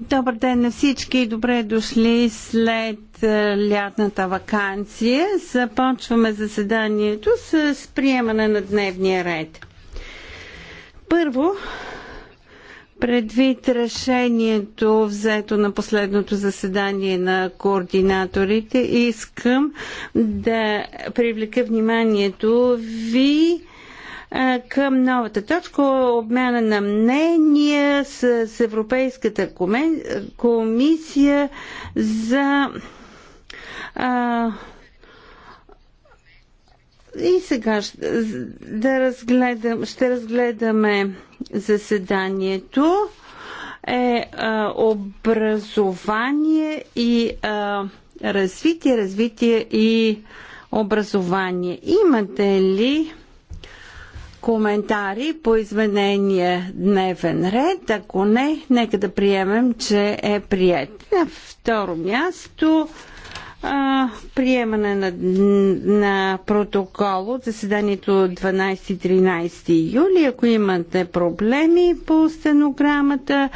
Добър ден на всички, добре дошли след е, лятната вакансия. Започваме заседанието с приемане на дневния ред. Първо, предвид решението взето на последното заседание на координаторите, искам да привлека вниманието ви към новата точка обмяна на мнения с, с Европейската комисия за а, и сега ще, да разгледам, ще разгледаме заседанието е а, образование и а, развитие, развитие и образование. Имате ли коментари по изменения дневен ред. Ако не, нека да приемем, че е прият. На второ място а, приемане на, на протокол от заседанието 12-13 юли. Ако имате проблеми по стенограмата,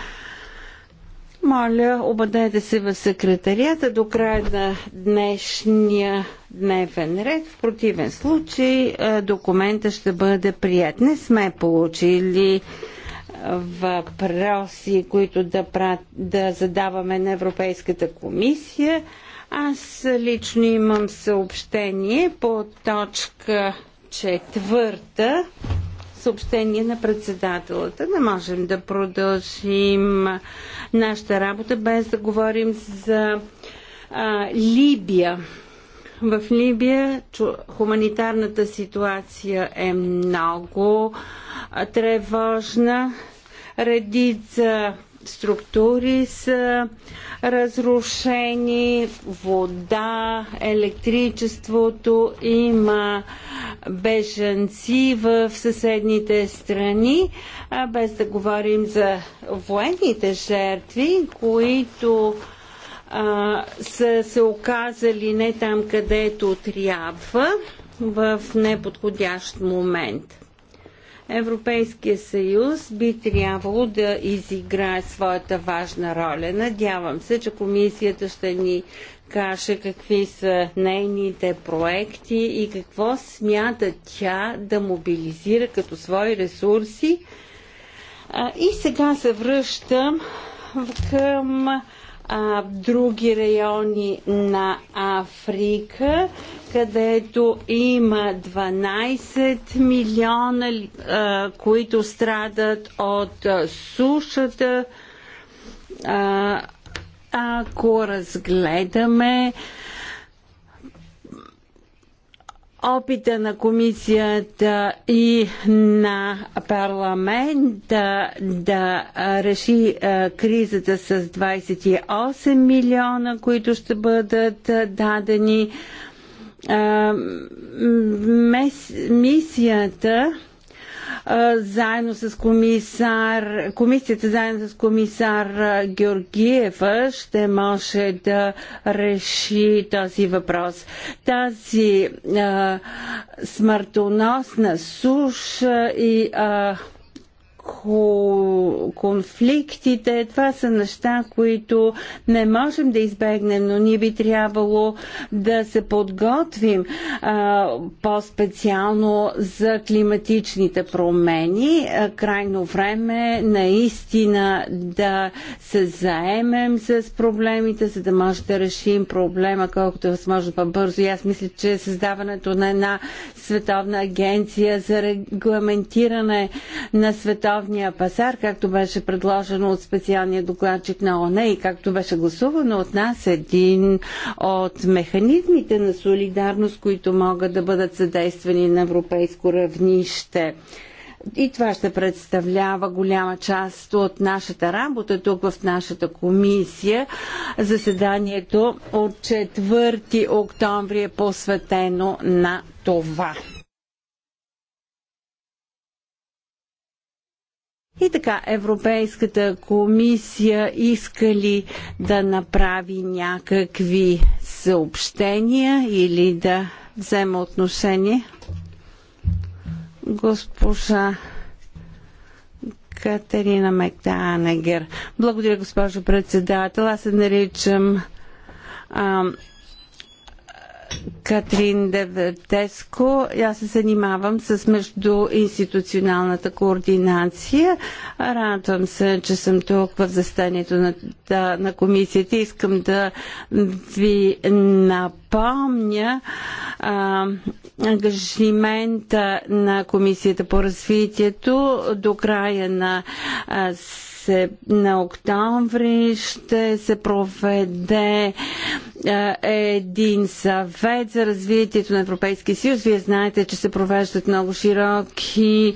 моля, обадете се в секретарията до края на днешния дневен ред. В противен случай е, документа ще бъде прият. Не сме получили е, въпроси, които да, прат, да задаваме на Европейската комисия. Аз лично имам съобщение по точка четвърта съобщение на председателата. Не можем да продължим нашата работа без да говорим за а, Либия. В Либия хуманитарната ситуация е много тревожна. Редица структури са разрушени, вода, електричеството, има бежанци в съседните страни, а без да говорим за военните жертви, които а, са се оказали не там, където трябва, в неподходящ момент. Европейския съюз би трябвало да изиграе своята важна роля. Надявам се, че комисията ще ни каже какви са нейните проекти и какво смята тя да мобилизира като свои ресурси. И сега се връщам към а, други райони на Африка, където има 12 милиона, а, които страдат от сушата. А, ако разгледаме а, опита на комисията и на парламента да реши е, кризата с 28 милиона, които ще бъдат е, дадени. Е, мисията заедно с комисар, комисията заедно с комисар Георгиева ще може да реши този въпрос. Тази а, смъртоносна суша и а, конфликтите. Това са неща, които не можем да избегнем, но ние би трябвало да се подготвим по-специално за климатичните промени. А, крайно време е наистина да се заемем с проблемите, за да може да решим проблема колкото е възможно по-бързо. И аз мисля, че създаването на една световна агенция за регламентиране на световната световния пазар, както беше предложено от специалния докладчик на ОНЕ и както беше гласувано от нас, един от механизмите на солидарност, които могат да бъдат съдействани на европейско равнище. И това ще представлява голяма част от нашата работа тук в нашата комисия. Заседанието от 4 октомври е посветено на това. И така, Европейската комисия иска ли да направи някакви съобщения или да взема отношение? Госпожа Катерина Мектанегер. Благодаря, госпожо председател. Аз се наричам Катрин Девертеско. Аз се занимавам с междуинституционалната координация. Радвам се, че съм тук в застанието на, да, на комисията. Искам да ви напомня а, ангажимента на комисията по развитието до края на а, се, на октомври ще се проведе е, един съвет за развитието на Европейския съюз. Вие знаете, че се провеждат много широки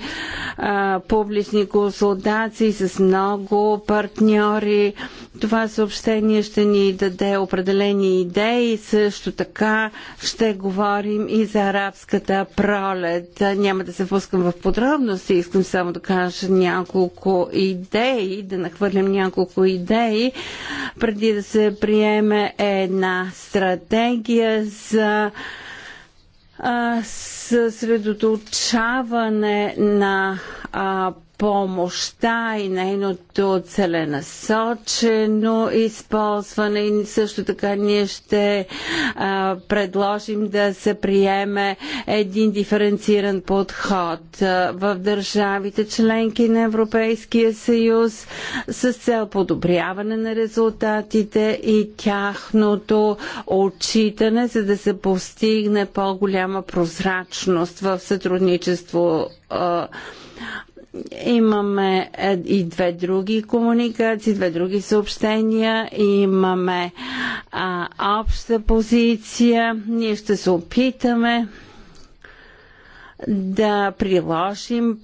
а, е, публични консултации с много партньори. Това съобщение ще ни даде определени идеи. Също така ще говорим и за арабската пролет. Няма да се пускам в подробности. Искам само да кажа няколко идеи, да нахвърлям няколко идеи, преди да се приеме една стратегия за съсредоточаване на а, помощта и нейното целенасочено използване и също така ние ще а, предложим да се приеме един диференциран подход а, в държавите членки на Европейския съюз с цел подобряване на резултатите и тяхното отчитане, за да се постигне по-голяма прозрачност в сътрудничество а, Имаме и две други комуникации, две други съобщения. Имаме а, обща позиция. Ние ще се опитаме да приложим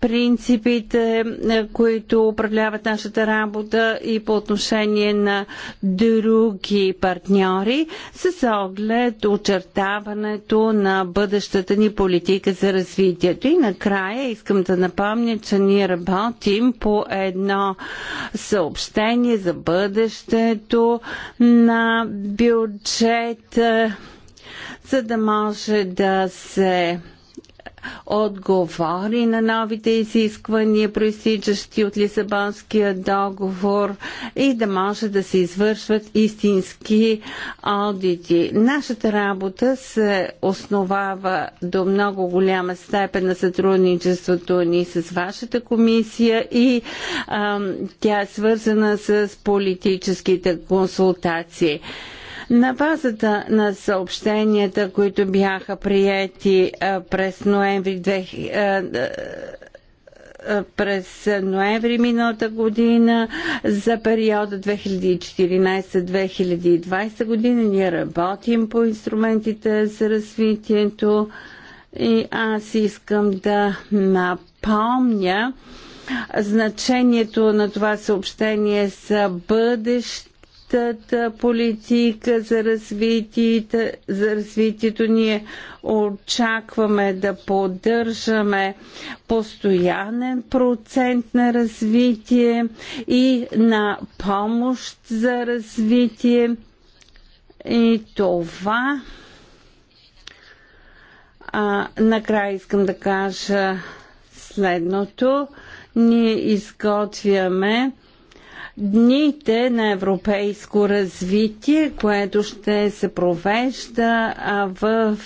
принципите, е, които управляват нашата работа и по отношение на други партньори с оглед очертаването на бъдещата ни политика за развитието. И накрая искам да напомня, че ние работим по едно съобщение за бъдещето на бюджет, за да може да се отговори на новите изисквания, проистичащи от Лисабонския договор и да може да се извършват истински аудити. Нашата работа се основава до много голяма степен на сътрудничеството ни с вашата комисия и ам, тя е свързана с политическите консултации. На базата на съобщенията, които бяха приети през ноември през ноември миналата година за периода 2014-2020 година. Ние работим по инструментите за развитието и аз искам да напомня значението на това съобщение за бъдещ общата политика за, развитие, за развитието. Ние очакваме да поддържаме постоянен процент на развитие и на помощ за развитие. И това а, накрая искам да кажа следното. Ние изготвяме Дните на европейско развитие, което ще се провежда в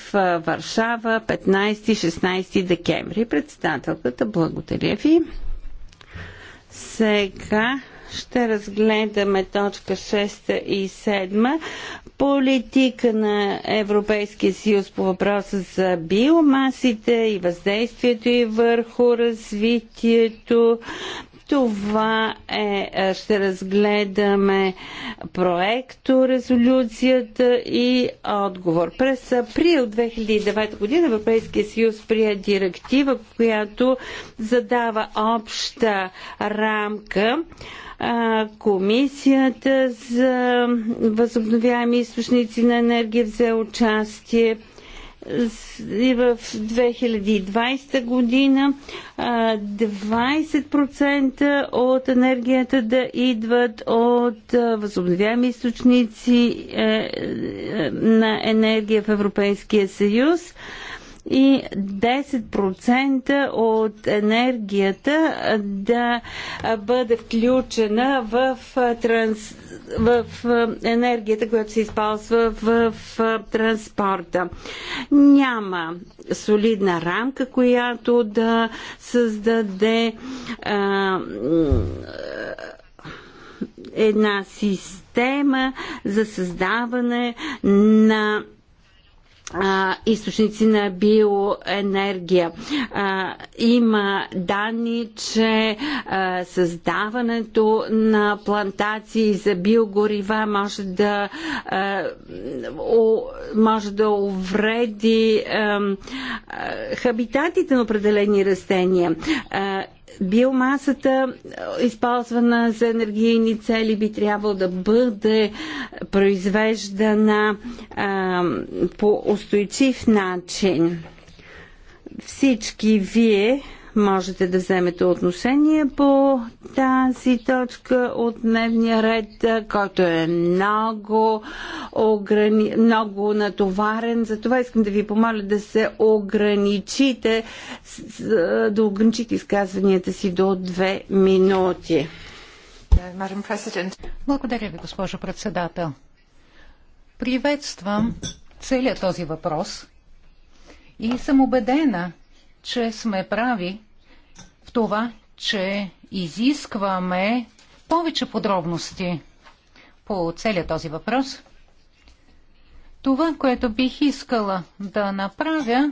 Варшава 15-16 декември. Председателката, благодаря ви. Сега ще разгледаме точка 6 и 7. Политика на Европейския съюз по въпроса за биомасите и въздействието и върху развитието това е, е, ще разгледаме проекто, резолюцията и отговор. През април 2009 година Европейския съюз прие директива, която задава обща рамка Комисията за възобновяеми източници на енергия взе участие и в 2020 година 20% от енергията да идват от възобновяеми източници е, е, на енергия в Европейския съюз и 10% от енергията да бъде включена в, транс, в енергията, която се използва в транспорта. Няма солидна рамка, която да създаде а, една система за създаване на а, източници на биоенергия. А, има данни, че а, създаването на плантации за биогорива може да, а, о, може да увреди а, а, хабитатите на определени растения. А, биомасата, е, използвана за енергийни цели, би трябвало да бъде произвеждана а, по устойчив начин. Всички вие можете да вземете отношение по тази точка от дневния ред, който е много, ограни... много натоварен. Затова искам да ви помоля да се ограничите, да ограничите изказванията си до две минути. Благодаря ви, госпожо председател. Приветствам целият този въпрос и съм убедена, че сме прави в това, че изискваме повече подробности по целият този въпрос. Това, което бих искала да направя,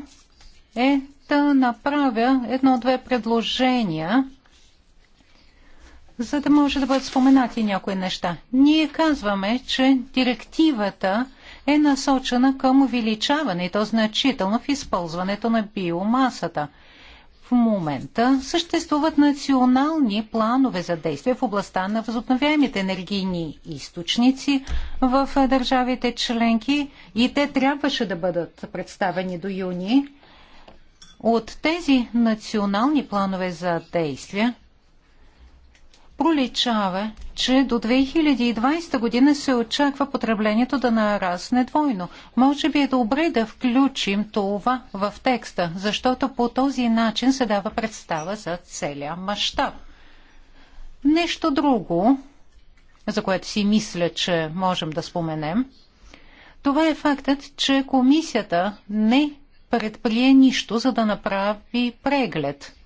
е да направя едно-две предложения, за да може да бъдат споменати някои неща. Ние казваме, че директивата е насочена към увеличаване и то значително в използването на биомасата. В момента съществуват национални планове за действие в областта на възобновяемите енергийни източници в държавите членки и те трябваше да бъдат представени до юни. От тези национални планове за действия проличава, че до 2020 година се очаква потреблението да нарасне двойно. Може би е добре да включим това в текста, защото по този начин се дава представа за целия мащаб. Нещо друго, за което си мисля, че можем да споменем, това е фактът, че комисията не предприе нищо, за да направи преглед –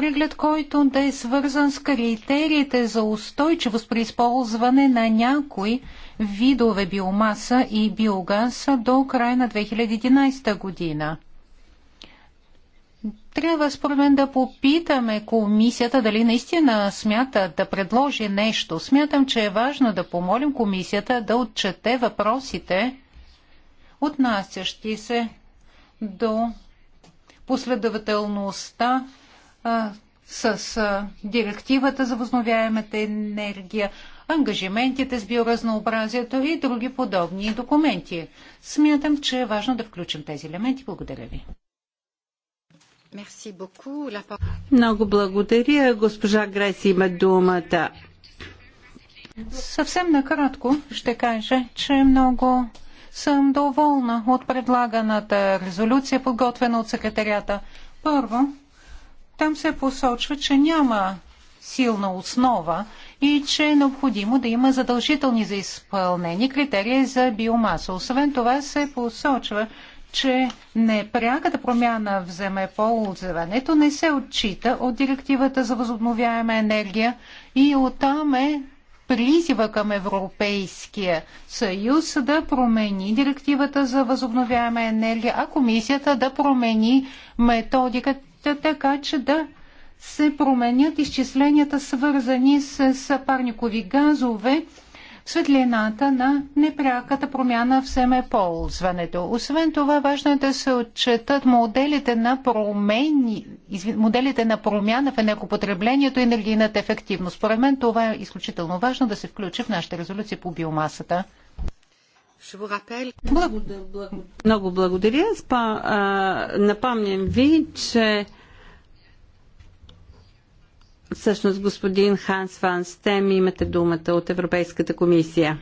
преглед, който да е свързан с критериите за устойчивост при използване на някои видове биомаса и биогаз до края на 2011 година. Трябва според мен да попитаме комисията дали наистина смята да предложи нещо. Смятам, че е важно да помолим комисията да отчете въпросите, отнасящи се до последователността с директивата за възновяемата енергия, ангажиментите с биоразнообразието и други подобни документи. Смятам, че е важно да включим тези елементи. Благодаря ви. Много благодаря. Госпожа Греси, има думата. Съвсем накратко ще кажа, че много съм доволна от предлаганата резолюция, подготвена от секретарята. Първо, там се посочва, че няма силна основа и че е необходимо да има задължителни за изпълнение критерии за биомаса. Освен това се посочва, че непряката промяна в земеползването не се отчита от директивата за възобновяема енергия и оттам е призива към Европейския съюз да промени директивата за възобновяема енергия, а комисията да промени методиката така че да се променят изчисленията, свързани с парникови газове, в светлината на непряката промяна в семеползването. Освен това, важно е да се отчетат моделите на, промени, моделите на промяна в енергопотреблението и енергийната ефективност. Според мен това е изключително важно да се включи в нашите резолюции по биомасата. Много благодаря. Спа, а, напомням ви, че всъщност господин Ханс Ван Стем имате думата от Европейската комисия.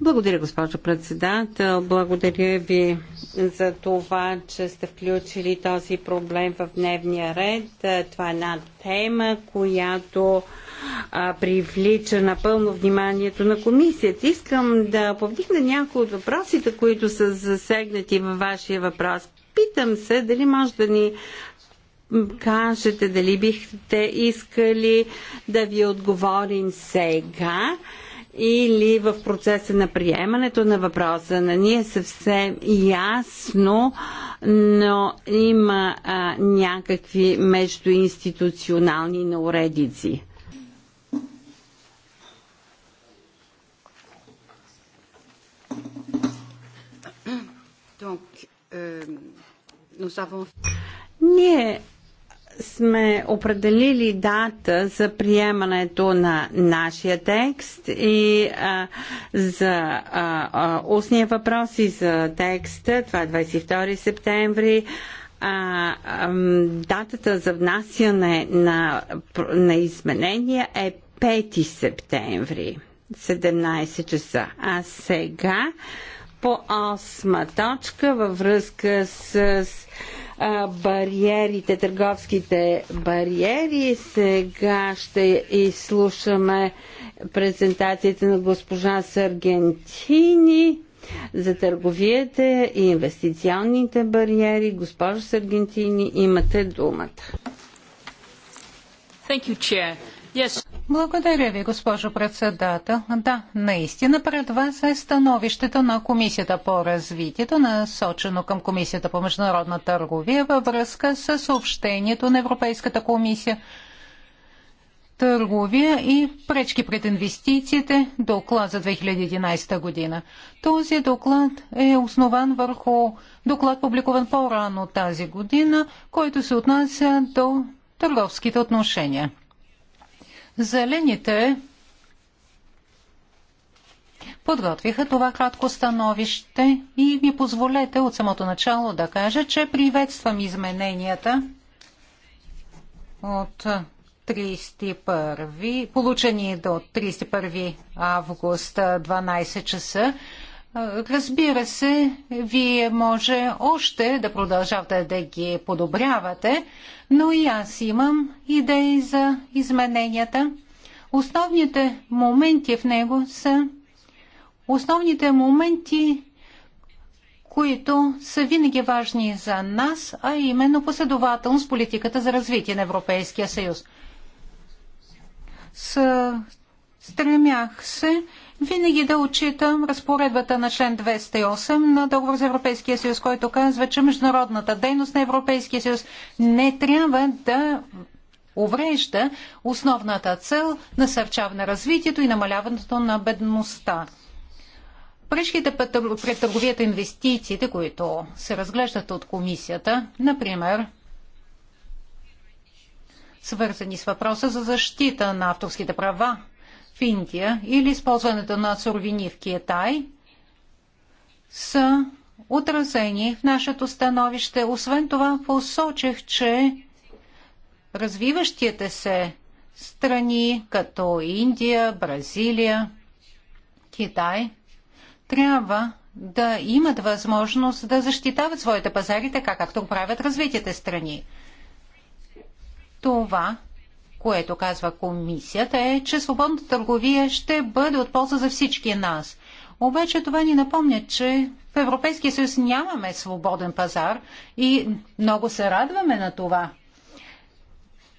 Благодаря, госпожо председател. Благодаря ви за това, че сте включили този проблем в дневния ред. Това е една тема, която а, привлича напълно вниманието на комисията. Искам да повдигна някои от въпросите, които са засегнати във вашия въпрос. Питам се дали може да ни кажете дали бихте искали да ви отговорим сега или в процеса на приемането на въпроса на ние е съвсем ясно, но има а, някакви междуинституционални науредици. Donc, euh, nous avons... Ние сме определили дата за приемането на нашия текст и а, за а, а, устния въпрос и за текста. Това е 22 септември. А, а, датата за внасяне на, на изменения е 5 септември, 17 часа. А сега по 8 точка във връзка с бариерите, търговските бариери. Сега ще изслушаме презентацията на госпожа Саргентини за търговията и инвестиционните бариери. Госпожа Саргентини, имате думата. Thank you, Chair. Yes. Благодаря ви, госпожо председател. Да, наистина пред вас е становището на Комисията по развитието, насочено към Комисията по международна търговия във връзка с съобщението на Европейската комисия търговия и пречки пред инвестициите, доклад за 2011 година. Този доклад е основан върху доклад, публикуван по-рано тази година, който се отнася до търговските отношения. Зелените подготвиха това кратко становище и ми позволете от самото начало да кажа, че приветствам измененията от 31, получени до 31 август 12 часа. Разбира се, вие може още да продължавате да ги подобрявате, но и аз имам идеи за измененията. Основните моменти в него са основните моменти, които са винаги важни за нас, а именно последователно с политиката за развитие на Европейския съюз. С... Стремях се винаги да отчитам разпоредбата на член 208 на договор за Европейския съюз, който казва, че международната дейност на Европейския съюз не трябва да уврежда основната цел насърчаване развитието и намаляването на бедността. Пречките пред търговията инвестициите, които се разглеждат от комисията, например, свързани с въпроса за защита на авторските права в Индия или използването на суровини в Китай са отразени в нашето становище. Освен това посочих, че развиващите се страни като Индия, Бразилия, Китай трябва да имат възможност да защитават своите пазари така, както правят развитите страни. Това което казва комисията, е, че свободната търговия ще бъде от полза за всички нас. Обаче това ни напомня, че в Европейския съюз нямаме свободен пазар и много се радваме на това.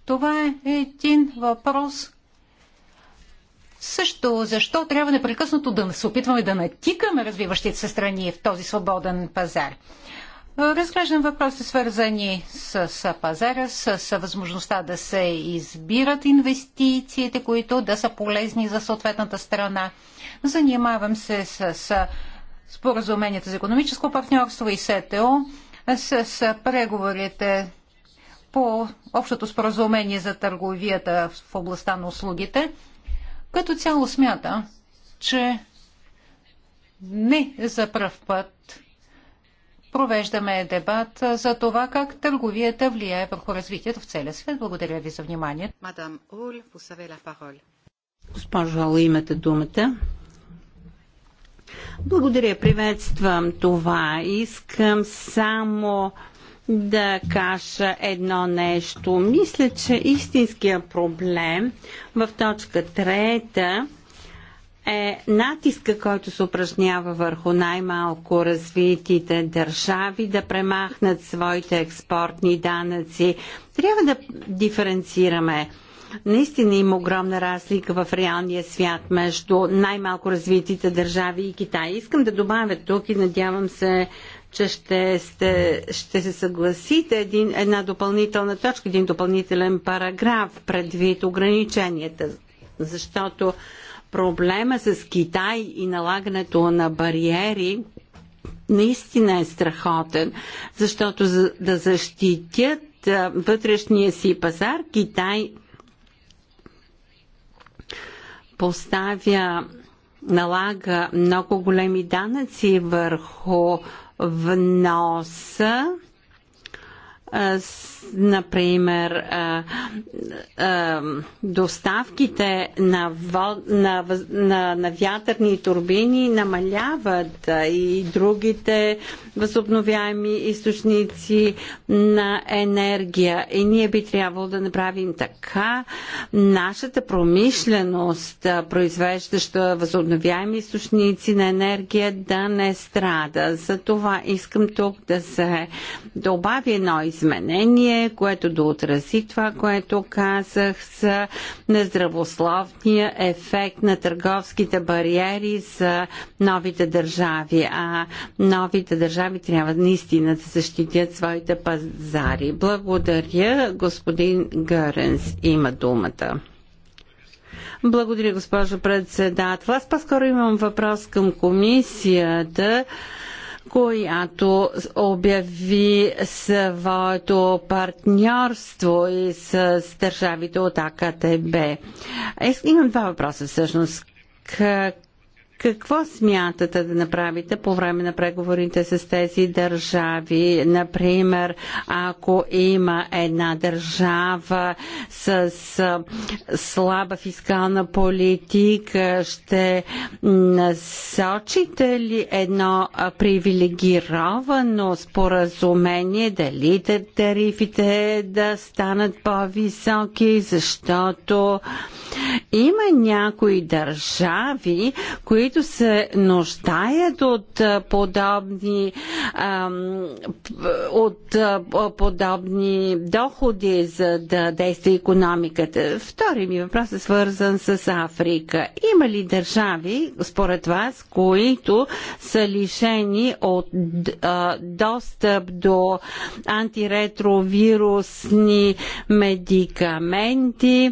Това е един въпрос, също защо трябва непрекъснато да се опитваме да натикаме развиващите се страни в този свободен пазар. Разглеждам въпроси, свързани с, пазара, с, възможността да се избират инвестициите, които да са полезни за съответната страна. Занимавам се с, споразуменията за економическо партньорство и СТО, с, с преговорите по общото споразумение за търговията в областта на услугите. Като цяло смята, че не за пръв път провеждаме дебат за това как търговията влияе върху развитието в целия свет. Благодаря ви за вниманието. Госпожо Ала, имате думата. Благодаря, приветствам това. Искам само да кажа едно нещо. Мисля, че истинския проблем в точка трета е натиска, който се упражнява върху най-малко развитите държави да премахнат своите експортни данъци. Трябва да диференцираме. Наистина има огромна разлика в реалния свят между най-малко развитите държави и Китай. Искам да добавя тук и надявам се, че ще, сте, ще се съгласите един, една допълнителна точка, един допълнителен параграф предвид ограниченията. Защото проблема с Китай и налагането на бариери наистина е страхотен, защото за да защитят вътрешния си пазар, Китай поставя, налага много големи данъци върху вноса например, доставките на, на, на, на вятърни турбини намаляват и другите възобновяеми източници на енергия. И ние би трябвало да направим така нашата промишленост, произвеждаща възобновяеми източници на енергия, да не страда. За това искам тук да се добави едно изречение изменение, което да отрази това, което казах за нездравословния ефект на търговските бариери за новите държави. А новите държави трябва наистина да защитят своите пазари. Благодаря. Господин Гъренс има думата. Благодаря, госпожо председател. Аз по-скоро имам въпрос към комисията която обяви своето партньорство и с държавите от АКТБ. Е, имам два въпроса всъщност. Как какво смятате да направите по време на преговорите с тези държави? Например, ако има една държава с слаба фискална политика, ще насочите ли едно привилегировано споразумение, дали тарифите да станат по-високи, защото има някои държави, които които се нуждаят от подобни, от подобни доходи, за да действа економиката. Втори ми въпрос е свързан с Африка. Има ли държави, според вас, които са лишени от достъп до антиретровирусни медикаменти?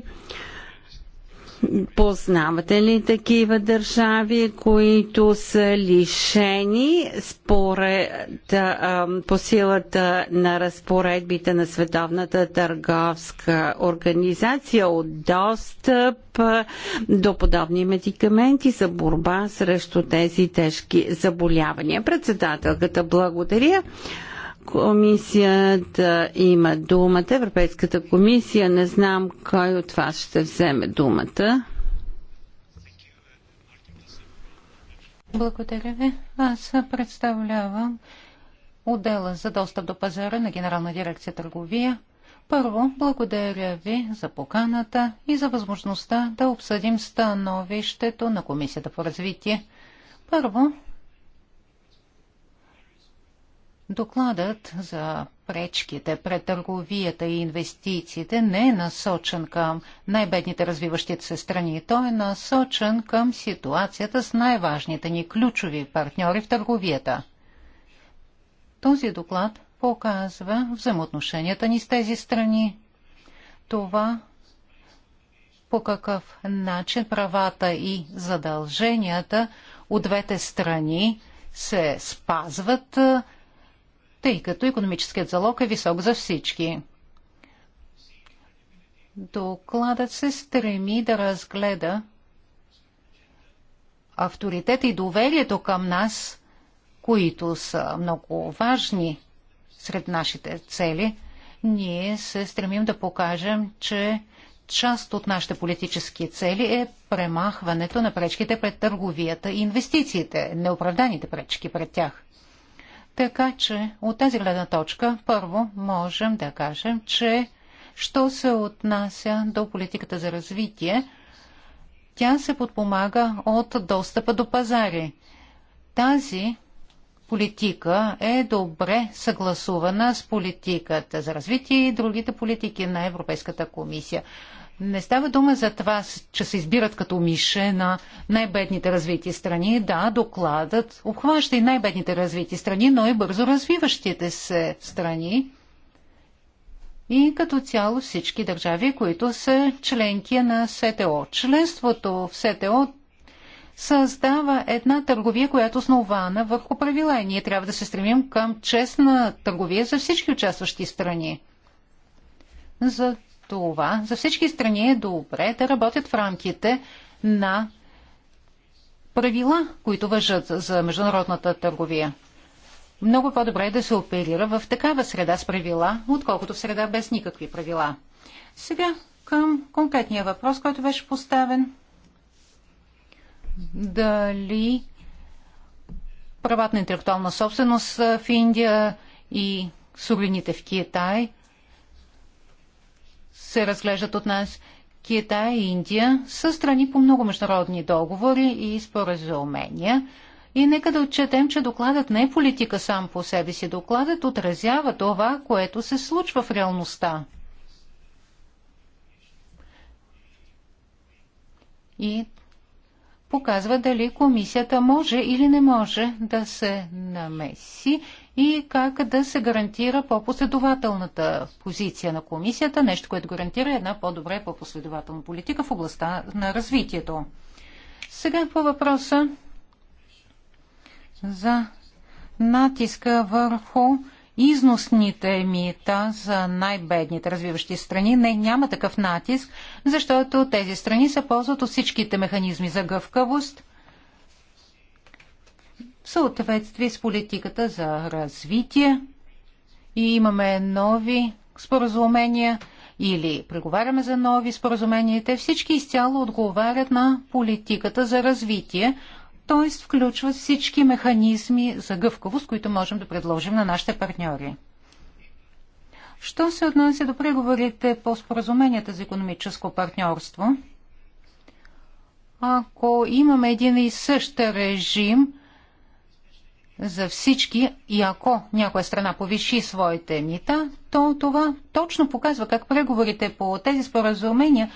Познавате ли такива държави, които са лишени според а, по силата на разпоредбите на Световната търговска организация от достъп а, до подобни медикаменти за борба срещу тези тежки заболявания? Председателката, благодаря комисията има думата, Европейската комисия. Не знам кой от вас ще вземе думата. Благодаря ви. Аз представлявам отдела за достъп до пазара на Генерална дирекция търговия. Първо, благодаря ви за поканата и за възможността да обсъдим становището на Комисията по развитие. Първо, Докладът за пречките пред търговията и инвестициите не е насочен към най-бедните развиващите се страни. Той е насочен към ситуацията с най-важните ни ключови партньори в търговията. Този доклад показва взаимоотношенията ни с тези страни. Това по какъв начин правата и задълженията от двете страни се спазват тъй като економическият залог е висок за всички. Докладът се стреми да разгледа авторитета и доверието към нас, които са много важни сред нашите цели, ние се стремим да покажем, че част от нашите политически цели е премахването на пречките пред търговията и инвестициите, неоправданите пречки пред тях. Така че от тази гледна точка първо можем да кажем, че що се отнася до политиката за развитие, тя се подпомага от достъпа до пазари. Тази политика е добре съгласувана с политиката за развитие и другите политики на Европейската комисия. Не става дума за това, че се избират като мише на най-бедните развити страни. Да, докладът обхваща и най-бедните развити страни, но и бързо развиващите се страни. И като цяло всички държави, които са членки на СТО. Членството в СТО създава една търговия, която е основана върху правила и ние трябва да се стремим към честна търговия за всички участващи страни. За това за всички страни е добре да работят в рамките на правила, които въжат за международната търговия. Много по-добре е да се оперира в такава среда с правила, отколкото в среда без никакви правила. Сега към конкретния въпрос, който беше поставен. Дали правата на интелектуална собственост в Индия и суровините в Китай – се разглеждат от нас. Китай и Индия са страни по много международни договори и споразумения. И нека да отчетем, че докладът не е политика сам по себе си. Докладът отразява това, което се случва в реалността. И показва дали комисията може или не може да се намеси и как да се гарантира по-последователната позиция на комисията, нещо, което гарантира една по-добре по-последователна политика в областта на развитието. Сега по въпроса за натиска върху износните мита за най-бедните развиващи страни. Не, няма такъв натиск, защото тези страни се ползват от всичките механизми за гъвкавост – в съответствие с политиката за развитие и имаме нови споразумения или преговаряме за нови споразумения, те всички изцяло отговарят на политиката за развитие, т.е. включват всички механизми за гъвкавост, които можем да предложим на нашите партньори. Що се отнася до преговорите по споразуменията за економическо партньорство? Ако имаме един и същ режим – за всички и ако някоя страна повиши своите мита, то това точно показва как преговорите по тези споразумения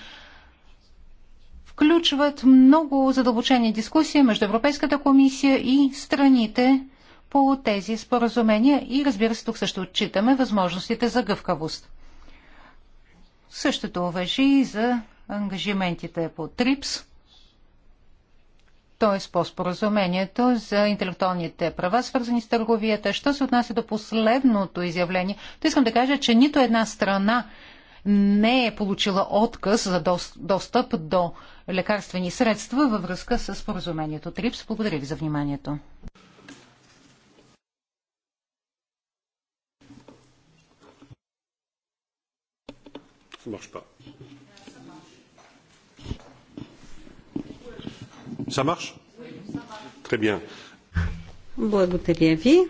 включват много задълбочени дискусии между Европейската комисия и страните по тези споразумения и разбира се тук също отчитаме възможностите за гъвкавост. Същото въжи и за ангажиментите по ТРИПС т.е. по споразумението за интелектуалните права, свързани с търговията. Що се отнася до последното изявление, то искам да кажа, че нито една страна не е получила отказ за достъп до лекарствени средства във връзка с споразумението ТРИПС. Благодаря ви за вниманието. Ça Ça marche? Très bien. Благодаря ви.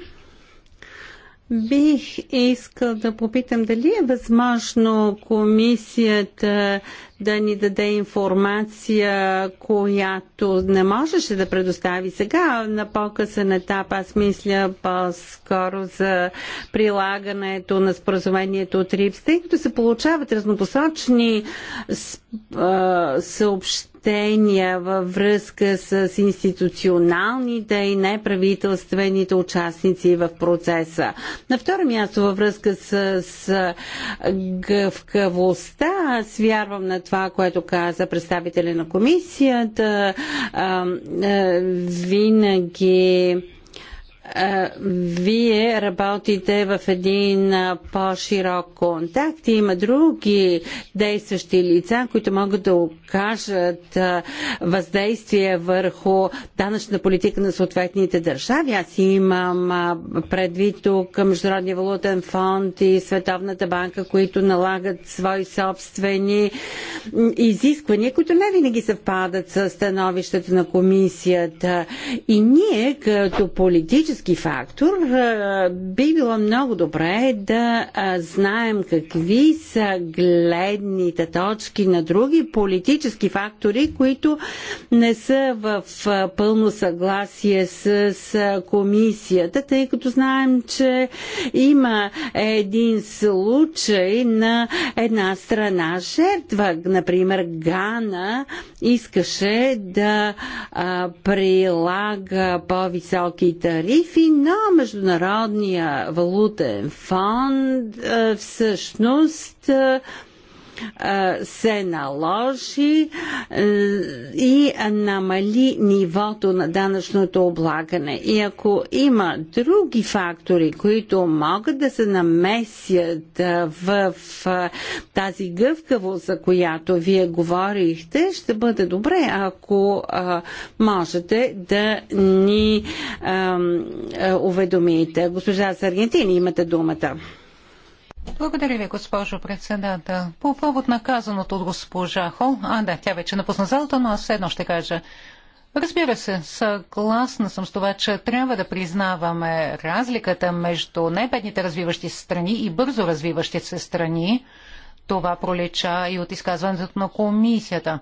Бих искал да попитам дали е възможно комисията да ни даде информация, която не можеше да предостави сега на по-късен етап. Аз мисля по-скоро за прилагането на споразумението от РИПС, тъй като се получават разнопосочни съобщения съобщения във връзка с институционалните и неправителствените участници в процеса. На второ място във връзка с, с гъвкавостта, аз вярвам на това, което каза представителя на комисията. А, а, е, винаги вие работите в един по-широк контакт и има други действащи лица, които могат да окажат въздействие върху данъчна политика на съответните държави. Аз имам предвид тук Международния валутен фонд и Световната банка, които налагат свои собствени изисквания, които не винаги съвпадат с становището на комисията. И ние като политически човешки фактор, би било много добре да знаем какви са гледните точки на други политически фактори, които не са в пълно съгласие с комисията, тъй като знаем, че има един случай на една страна жертва. Например, Гана искаше да прилага по-високи тарифи лихви на Международния валутен фонд е, всъщност е, се наложи и намали нивото на данъчното облагане. И ако има други фактори, които могат да се намесят в тази гъвкавост, за която вие говорихте, ще бъде добре, ако можете да ни уведомите. Госпожа Саргентини, имате думата. Благодаря ви, госпожо председател. По повод на казаното от госпожа Хол, а да, тя вече напусна залата, но аз все едно ще кажа. Разбира се, съгласна съм с това, че трябва да признаваме разликата между най-бедните развиващи се страни и бързо развиващи се страни. Това пролича и от изказването на комисията.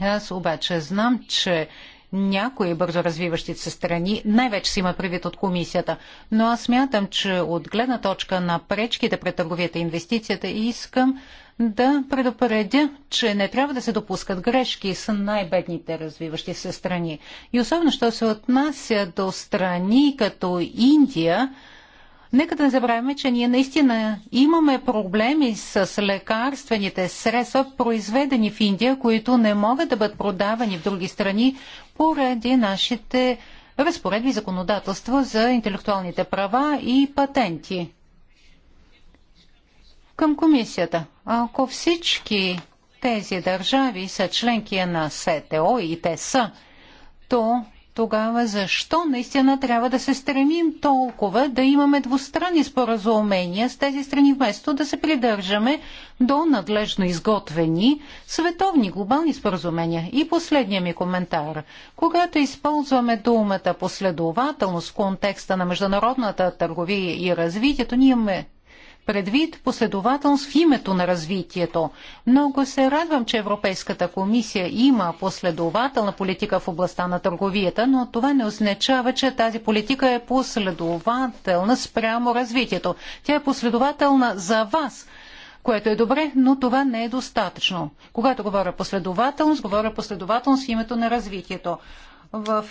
Аз обаче знам, че някои бързо развиващи се страни, най-вече си има предвид от комисията. Но аз смятам, че от гледна точка на пречките пред търговията и инвестицията искам да предупредя, че не трябва да се допускат грешки с най-бедните развиващи се страни. И особено, що се отнася до страни като Индия, Нека да не забравяме, че ние наистина имаме проблеми с лекарствените средства, произведени в Индия, които не могат да бъдат продавани в други страни, поради нашите разпоредби законодателства за интелектуалните права и патенти. Към комисията. Ако всички тези държави са членки на СТО и те са, то тогава защо наистина трябва да се стремим толкова да имаме двустранни споразумения с тези страни, вместо да се придържаме до надлежно изготвени световни глобални споразумения? И последния ми коментар. Когато използваме думата последователност в контекста на международната търговия и развитието, ние имаме предвид последователност в името на развитието. Много се радвам, че Европейската комисия има последователна политика в областта на търговията, но това не означава, че тази политика е последователна спрямо развитието. Тя е последователна за вас, което е добре, но това не е достатъчно. Когато говоря последователност, говоря последователност в името на развитието. В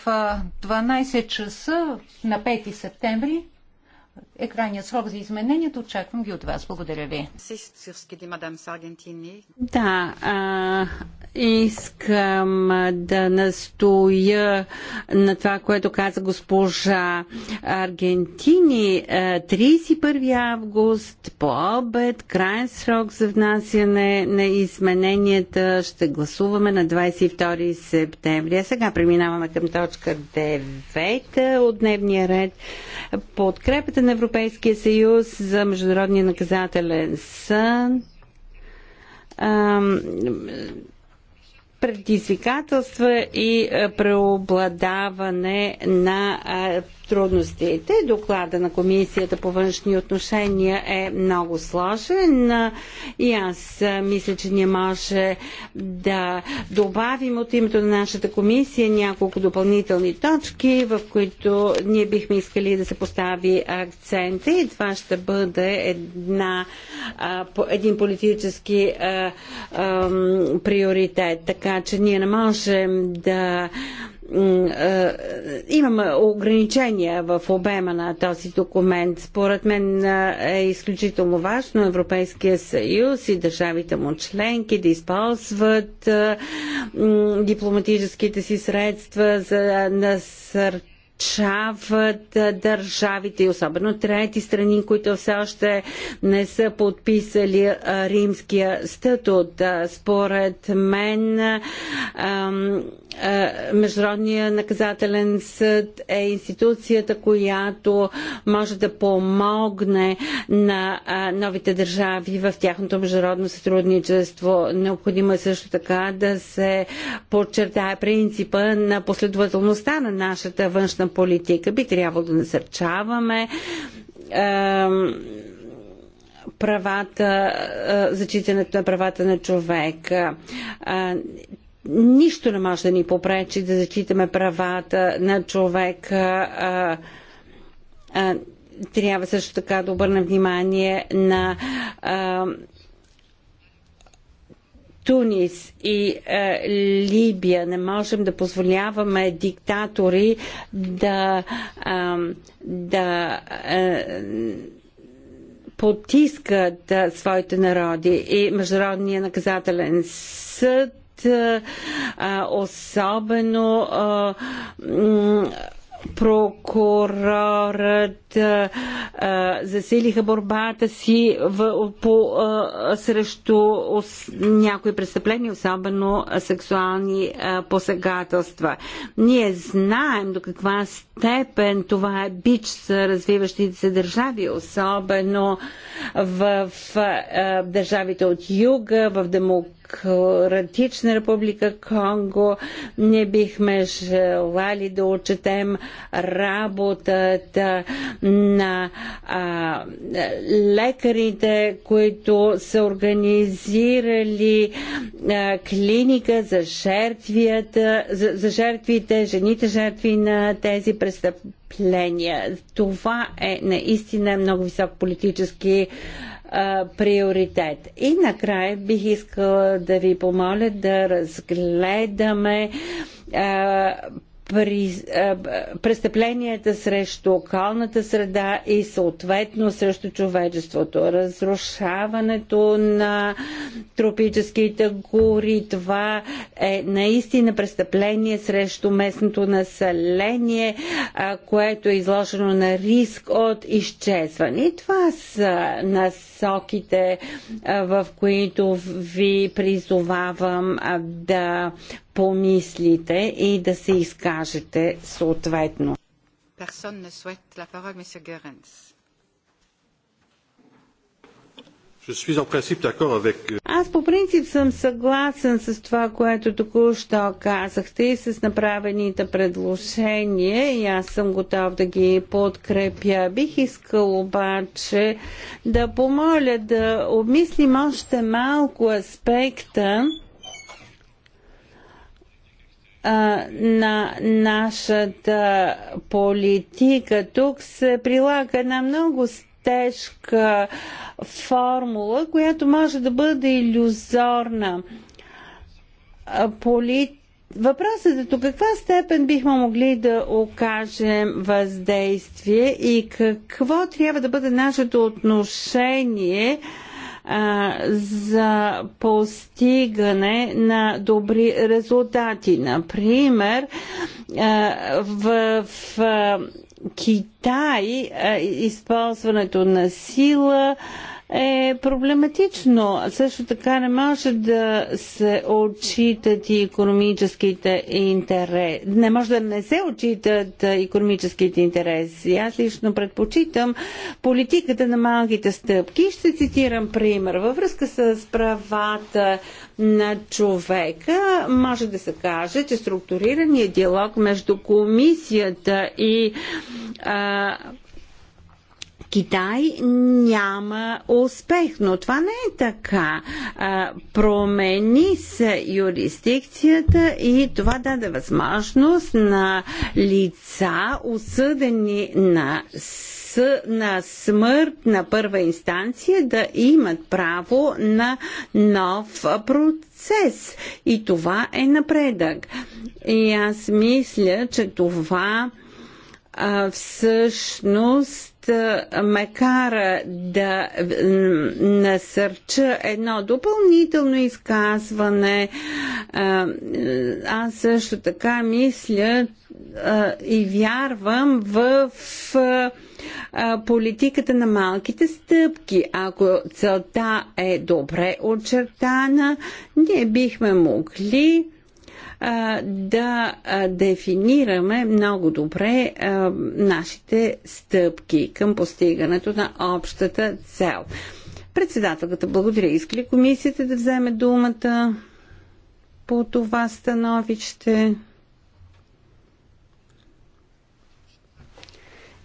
12 часа на 5 септември е крайният срок за изменението. Очаквам ги от вас. Благодаря ви. Да, а, искам да настоя на това, което каза госпожа Аргентини. 31 август, по обед, крайен срок за внасяне на измененията. Ще гласуваме на 22 септември. А сега преминаваме към точка 9 от дневния ред. Подкрепата на Европейския съюз за Международния наказателен Сън, предизвикателства и преобладаване на трудностите. Доклада на Комисията по външни отношения е много сложен и аз мисля, че ние може да добавим от името на нашата комисия няколко допълнителни точки, в които ние бихме искали да се постави акцент и това ще бъде една, един политически приоритет. Така че ние не можем да имаме ограничения в обема на този документ. Според мен е изключително важно Европейския съюз и държавите му членки да използват дипломатическите си средства за насърчаване насърчават държавите и особено трети страни, които все още не са подписали римския статут. Според мен Международния наказателен съд е институцията, която може да помогне на новите държави в тяхното международно сътрудничество. Необходимо е също така да се подчертае принципа на последователността на нашата външна външна политика. Би трябвало да насърчаваме правата, зачитането на правата на човека. Нищо не може да ни попречи да зачитаме правата на човека трябва също така да обърнем внимание на а, Тунис и е, Либия. Не можем да позволяваме диктатори да, е, да е, потискат е, своите народи и Международния наказателен съд е, е особено е, прокурорът а, а, засилиха борбата си в, по, а, срещу ос, някои престъпления, особено сексуални а, посегателства. Ние знаем до каква степен това е бич за развиващите се държави, особено в, а, държавите от юга, в демократията. Демократична република Конго. Не бихме желали да отчетем работата на а, лекарите, които са организирали а, клиника за, жертвията, за, за жертвите, жените жертви на тези престъпления. Това е наистина много висок политически а, а, приоритет. И накрая бих искала да ви помоля да разгледаме а, при, а, престъпленията срещу околната среда и съответно срещу човечеството. Разрушаването на тропическите гори, това е наистина престъпление срещу местното население, а, което е изложено на риск от изчезване. И това са нас посоките, в които ви призовавам да помислите и да се изкажете съответно. souhaite la parole, monsieur Euh, аз по принцип съм съгласен с това, което току-що казахте и с направените предложения и аз съм готов да ги подкрепя. Бих искал обаче да помоля да обмислим още малко аспекта на нашата политика. Тук се прилага една много тежка формула, която може да бъде иллюзорна. Поли... Въпросът е до каква степен бихме могли да окажем въздействие и какво трябва да бъде нашето отношение а, за постигане на добри резултати. Например, а, в, в Китай използването на сила е проблематично. Също така не може да се отчитат и економическите интереси. Не може да не се отчитат економическите интереси. Аз лично предпочитам политиката на малките стъпки. Ще цитирам пример. Във връзка с правата на човека може да се каже, че структурираният диалог между комисията и а, Китай няма успех, но това не е така. А, промени се юрисдикцията и това даде възможност на лица, осъдени на на смърт на първа инстанция да имат право на нов процес. И това е напредък. И аз мисля, че това а, всъщност ме кара да насърча едно допълнително изказване. Аз също така мисля и вярвам в политиката на малките стъпки. Ако целта е добре очертана, ние бихме могли да дефинираме много добре нашите стъпки към постигането на общата цел. Председателката благодаря. Иска ли комисията да вземе думата по това становище?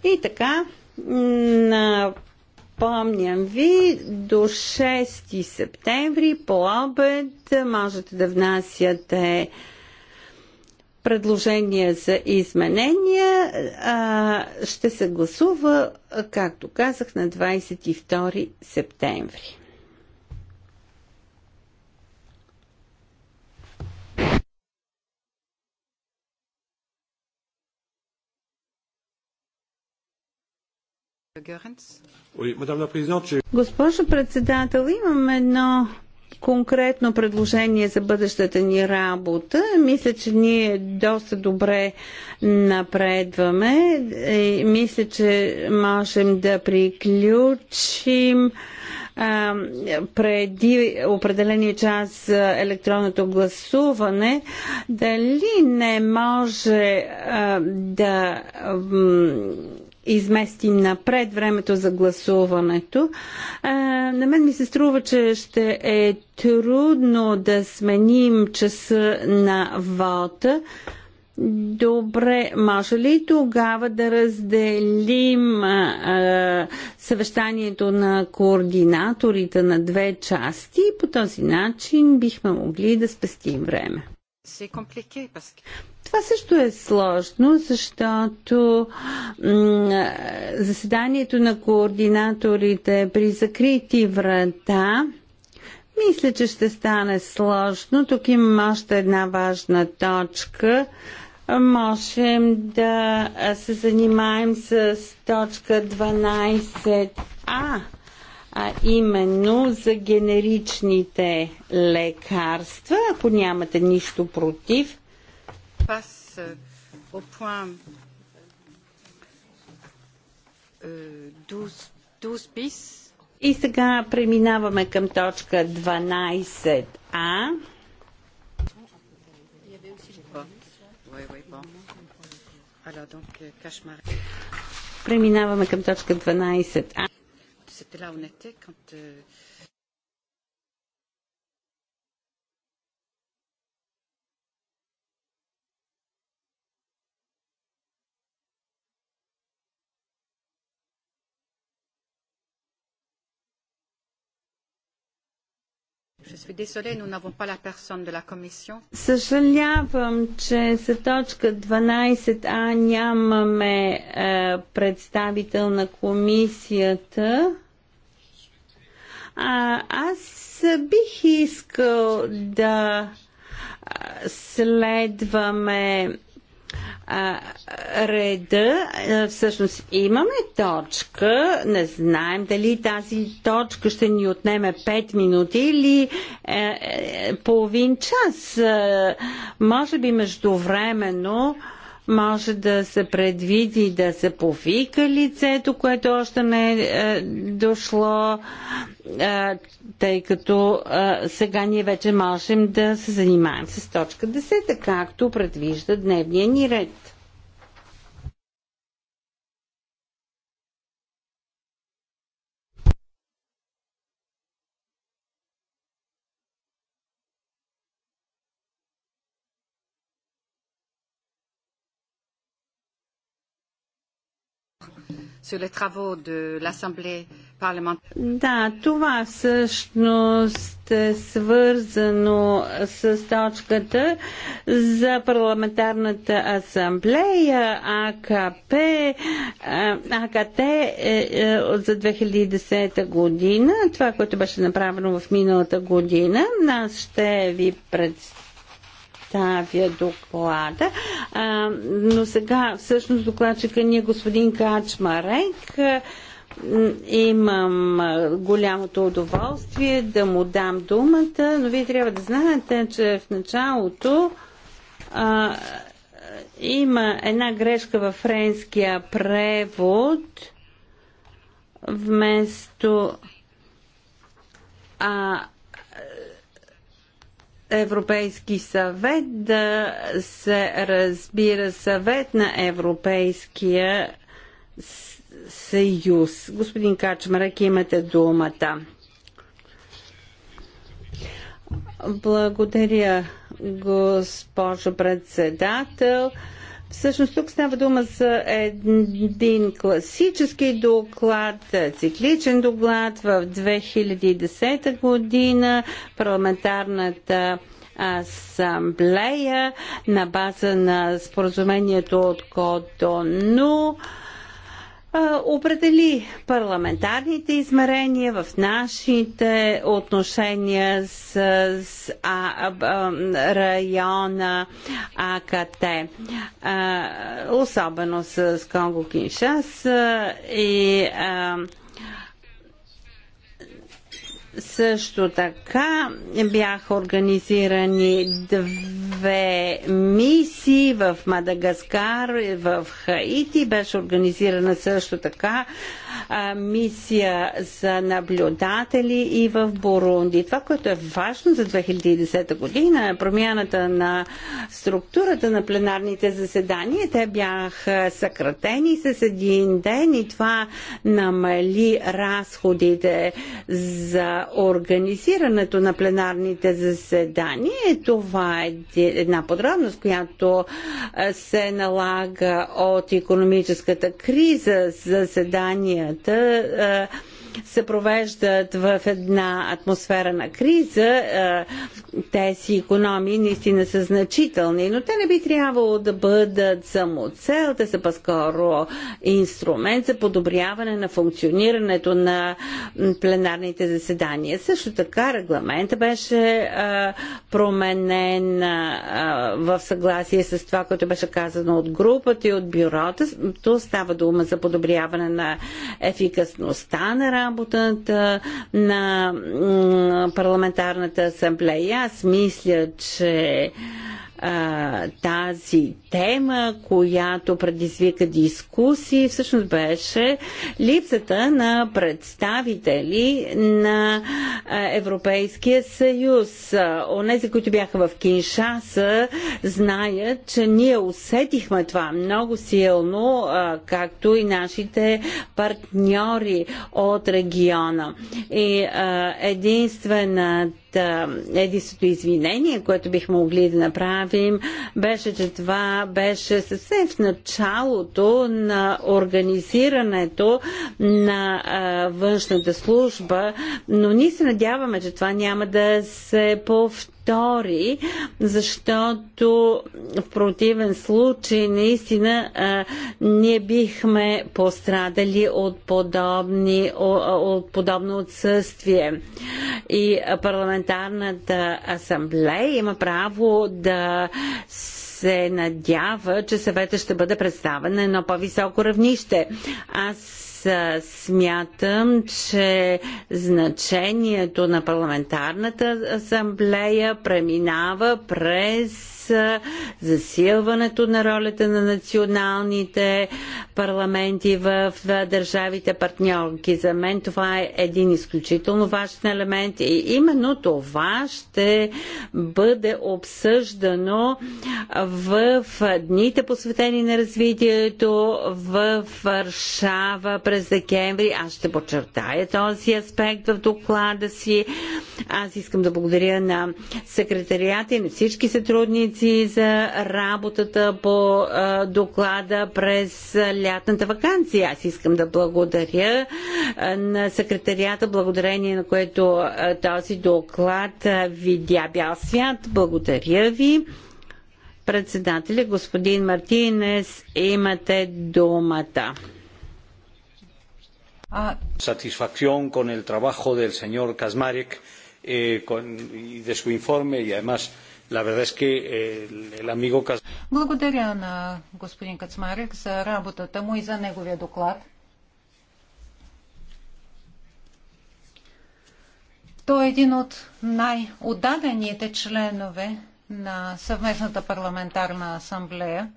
И така, напомням ви, до 6 септември по обед можете да внасяте предложения за изменения а, ще се гласува, както казах, на 22 септември. Госпожо председател, имам едно конкретно предложение за бъдещата ни работа. Мисля, че ние доста добре напредваме. Е, мисля, че можем да приключим а, преди определения час за електронното гласуване, дали не може а, да изместим напред времето за гласуването. А, е, на мен ми се струва, че ще е трудно да сменим часа на вота. Добре, може ли тогава да разделим а, е, а, съвещанието на координаторите на две части? По този начин бихме могли да спестим време. Това също е сложно, защото заседанието на координаторите при закрити врата мисля, че ще стане сложно. Тук имам още една важна точка. Можем да се занимаем с точка 12а а именно за генеричните лекарства. Ако нямате нищо против. Euh, euh, И сега преминаваме към точка 12а. Euh, преминаваме към точка 12а c'était là où on était quand. Съжалявам, че за точка 12а нямаме е, представител на комисията. А, аз бих искал да следваме реда, всъщност имаме точка, не знаем дали тази точка ще ни отнеме 5 минути или е, е, половин час. може би междувременно може да се предвиди да се повика лицето, което още не е, е дошло, е, тъй като е, сега ние вече можем да се занимаем с точка 10, както предвижда дневния ни ред. Да, това всъщност е свързано с точката за парламентарната асамблея АКП, е, АКТ е, е за 2010 година. Това, което беше направено в миналата година, нас ще ви представя представя доклада. А, но сега всъщност докладчика ни е господин Качмарек. Имам голямото удоволствие да му дам думата, но вие трябва да знаете, че в началото а, има една грешка във френския превод. Вместо а, Европейски съвет да се разбира съвет на Европейския съюз. Господин Качмарък, имате думата. Благодаря, госпожо председател. Всъщност тук става дума за един класически доклад, цикличен доклад в 2010 година. Парламентарната асамблея на база на споразумението от Котону определи парламентарните измерения в нашите отношения с, с а, а, района АКТ, а, особено с Конго Киншас и а, също така бяха организирани две мисии в Мадагаскар, в Хаити. Беше организирана също така мисия за наблюдатели и в Бурунди. Това, което е важно за 2010 година е промяната на структурата на пленарните заседания. Те бяха съкратени с един ден и това намали разходите за организирането на пленарните заседания. Това е една подробност, която се налага от економическата криза. Заседания изследванията се провеждат в една атмосфера на криза, е, тези економии наистина са значителни, но те не би трябвало да бъдат само цел, те са по-скоро инструмент за подобряване на функционирането на пленарните заседания. Също така регламента беше е, променен е, в съгласие с това, което беше казано от групата и от бюрото. То става дума за подобряване на ефикасността на работата на парламентарната асамблея. Аз мисля, че а, тази тема, която предизвика дискусии, всъщност беше липсата на представители на Европейския съюз. Онези, които бяха в Киншаса, знаят, че ние усетихме това много силно, а, както и нашите партньори от региона. И а, единствената единственото извинение, което бихме могли да направим, беше, че това беше съвсем в началото на организирането на външната служба, но ние се надяваме, че това няма да се повтори втори, защото в противен случай наистина а, ние бихме пострадали от, подобни, от подобно отсъствие. И парламентарната асамблея има право да се се надява, че съвета ще бъде представен на едно по-високо равнище. Аз смятам, че значението на парламентарната асамблея преминава през засилването на ролята на националните парламенти в държавите партньорки. За мен това е един изключително важен елемент и именно това ще бъде обсъждано в дните посветени на развитието в Варшава през декември. Аз ще подчертая този аспект в доклада си. Аз искам да благодаря на секретарията и на всички сътрудници критици за работата по а, доклада през лятната вакансия. Аз искам да благодаря а, на секретарията, благодарение на което а, този доклад а, видя бял свят. Благодаря ви. Председателя, господин Мартинес, имате думата. Сатисфакцион Satisfacción con el trabajo del señor Kazmarek eh, con, y de su informe y además Eh, Благодаря на господин Кацмарек за работата му и за неговия доклад. Той е един от най-отдадените членове на съвместната парламентарна асамблея.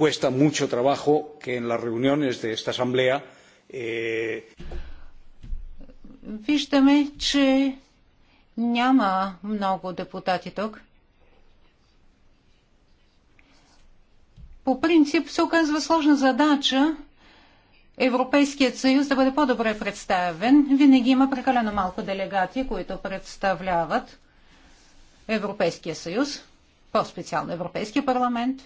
cuesta mucho trabajo que en las reuniones de esta asamblea eh, Виждаме, че няма много депутати тук. По принцип се оказва сложна задача Европейският съюз да бъде по-добре представен. Винаги има прекалено малко делегати, които представляват Европейския съюз, по-специално Европейския парламент.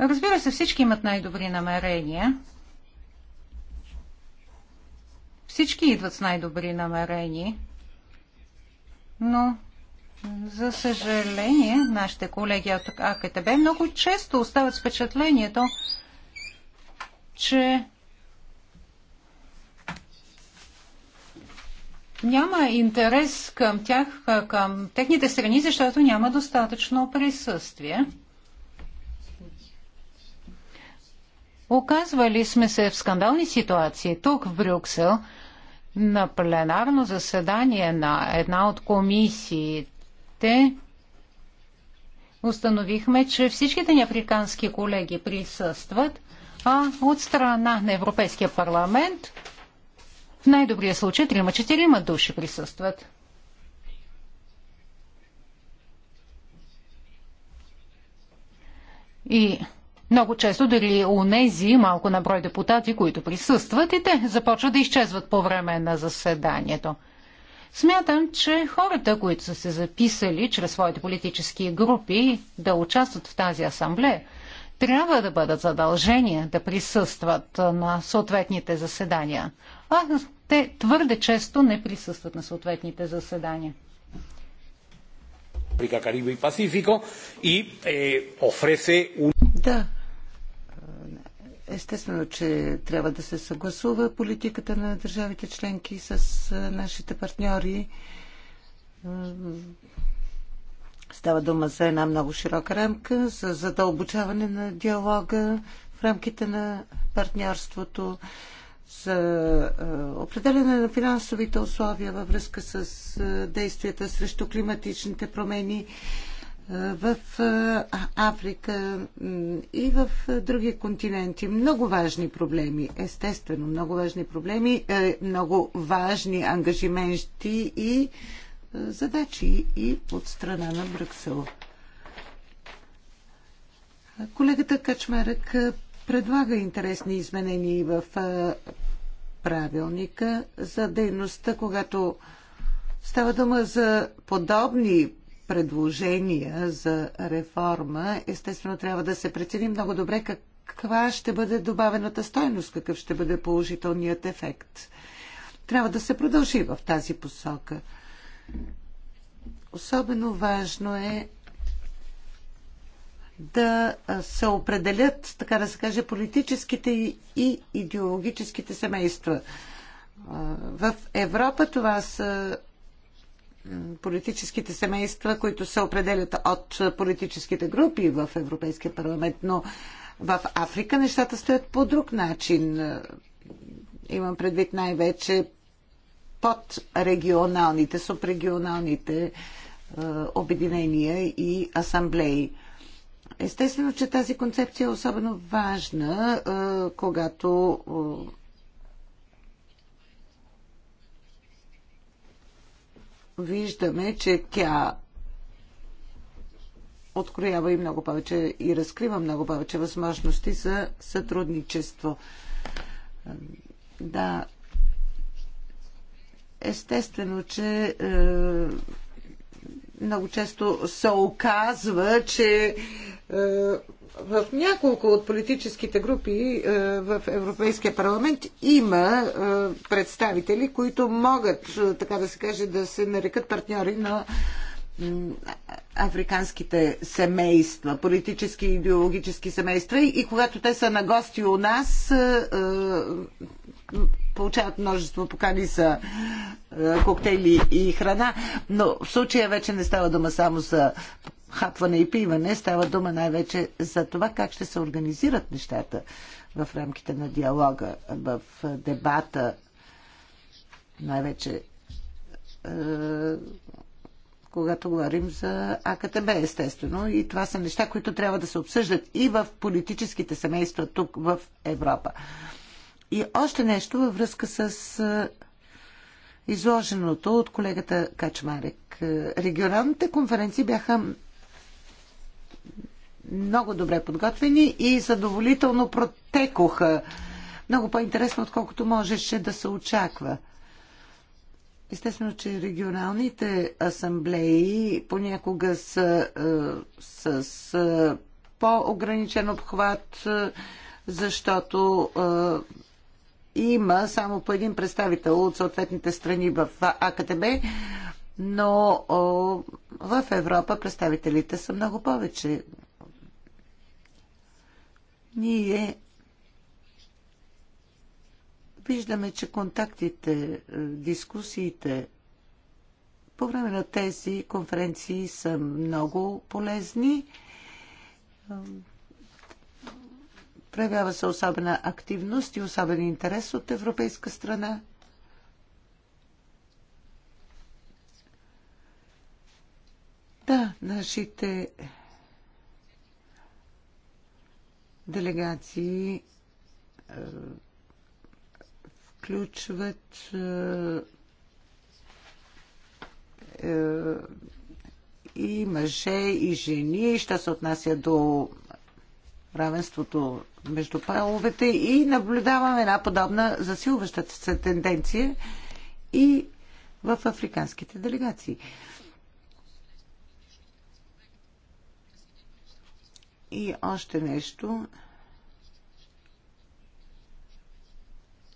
Разбира се, всички имат най-добри намерения. Всички идват с най-добри намерения, но за съжаление, нашите колеги от АКТБ много често остават с впечатлението, че няма интерес към тях, към техните страни, защото няма достатъчно присъствие. Оказвали сме се в скандални ситуации тук в Брюксел – на пленарно заседание на една от комисиите установихме, че всичките ни африкански колеги присъстват, а от страна на Европейския парламент в най-добрия случай 3-4 души присъстват. И много често дори у нези малко на брой депутати, които присъстват и те започват да изчезват по време на заседанието. Смятам, че хората, които са се записали чрез своите политически групи да участват в тази асамблея, трябва да бъдат задължени да присъстват на съответните заседания. А те твърде често не присъстват на съответните заседания. Eh, да, Естествено, че трябва да се съгласува политиката на държавите членки с нашите партньори. Става дума за една много широка рамка, за задълбочаване на диалога в рамките на партньорството, за определяне на финансовите условия във връзка с действията срещу климатичните промени в Африка и в други континенти. Много важни проблеми, естествено, много важни проблеми, е, много важни ангажименти и е, задачи и от страна на Брюксел. Колегата Качмарък е, предлага интересни изменения и в правилника за дейността, когато става дума за подобни предложения за реформа, естествено трябва да се прецени много добре каква ще бъде добавената стойност, какъв ще бъде положителният ефект. Трябва да се продължи в тази посока. Особено важно е да се определят, така да се каже, политическите и идеологическите семейства. В Европа това са политическите семейства, които се определят от политическите групи в Европейския парламент, но в Африка нещата стоят по друг начин. Имам предвид най-вече под регионалните, субрегионалните е, обединения и асамблеи. Естествено, че тази концепция е особено важна, е, когато е, виждаме, че тя откроява и много повече и разкрива много повече възможности за сътрудничество. Да, естествено, че е, много често се оказва, че е, в няколко от политическите групи е, в Европейския парламент има е, представители, които могат, е, така да се каже, да се нарекат партньори на африканските семейства, политически и идеологически семейства и когато те са на гости у нас, получават множество покани за коктейли и храна, но в случая вече не става дума само за хапване и пиване. Става дума най-вече за това как ще се организират нещата в рамките на диалога, в дебата, най-вече е, когато говорим за АКТБ, естествено. И това са неща, които трябва да се обсъждат и в политическите семейства тук в Европа. И още нещо във връзка с е, изложеното от колегата Качмарек. Е, регионалните конференции бяха много добре подготвени и задоволително протекоха. Много по-интересно, отколкото можеше да се очаква. Естествено, че регионалните асамблеи понякога са е, с, с е, по-ограничен обхват, е, защото има само по един представител от съответните страни в АКТБ, но в Европа представителите са много повече. Ние виждаме, че контактите, е, дискусиите по време на тези конференции са много полезни. Е, проявява се особена активност и особен интерес от европейска страна. Да, нашите делегации е, включват е, е, и мъже, и жени, що се отнася до равенството между половете и наблюдаваме една подобна засилващата се тенденция и в африканските делегации. И още нещо.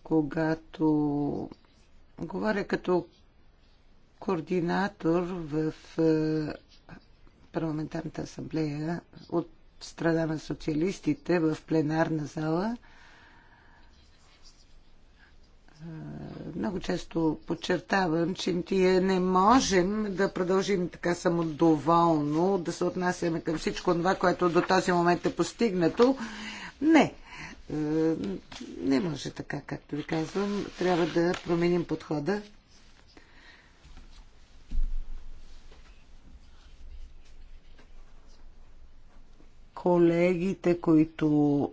когато говоря като координатор в е, парламентарната асамблея от страна на социалистите в пленарна зала, е, много често подчертавам, че ние не можем да продължим така самодоволно, да се отнасяме към всичко това, което до този момент е постигнато. Не. Е, не може така, както ви казвам. Трябва да променим подхода. Колегите, които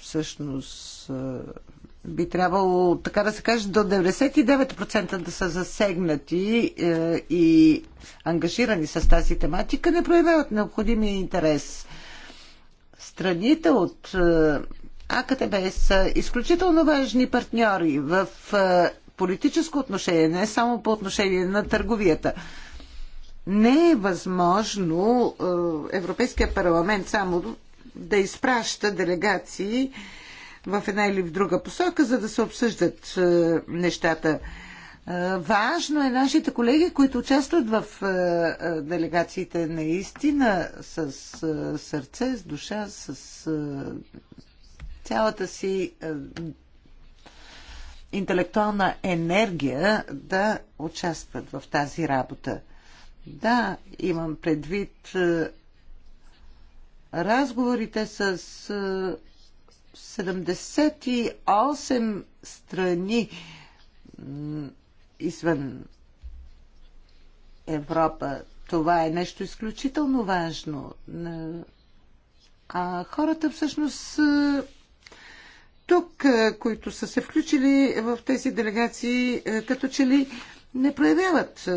всъщност е, би трябвало, така да се каже, до 99% да са засегнати е, и ангажирани с тази тематика, не проявяват необходимия интерес. Страните от е, АКТБ са изключително важни партньори в е, политическо отношение, не само по отношение на търговията. Не е възможно е, Европейския парламент само да изпраща делегации в една или в друга посока, за да се обсъждат нещата. Важно е нашите колеги, които участват в делегациите наистина с сърце, с душа, с цялата си интелектуална енергия да участват в тази работа. Да, имам предвид разговорите с 78 страни извън Европа. Това е нещо изключително важно. А хората всъщност тук, които са се включили в тези делегации, като че ли не проявяват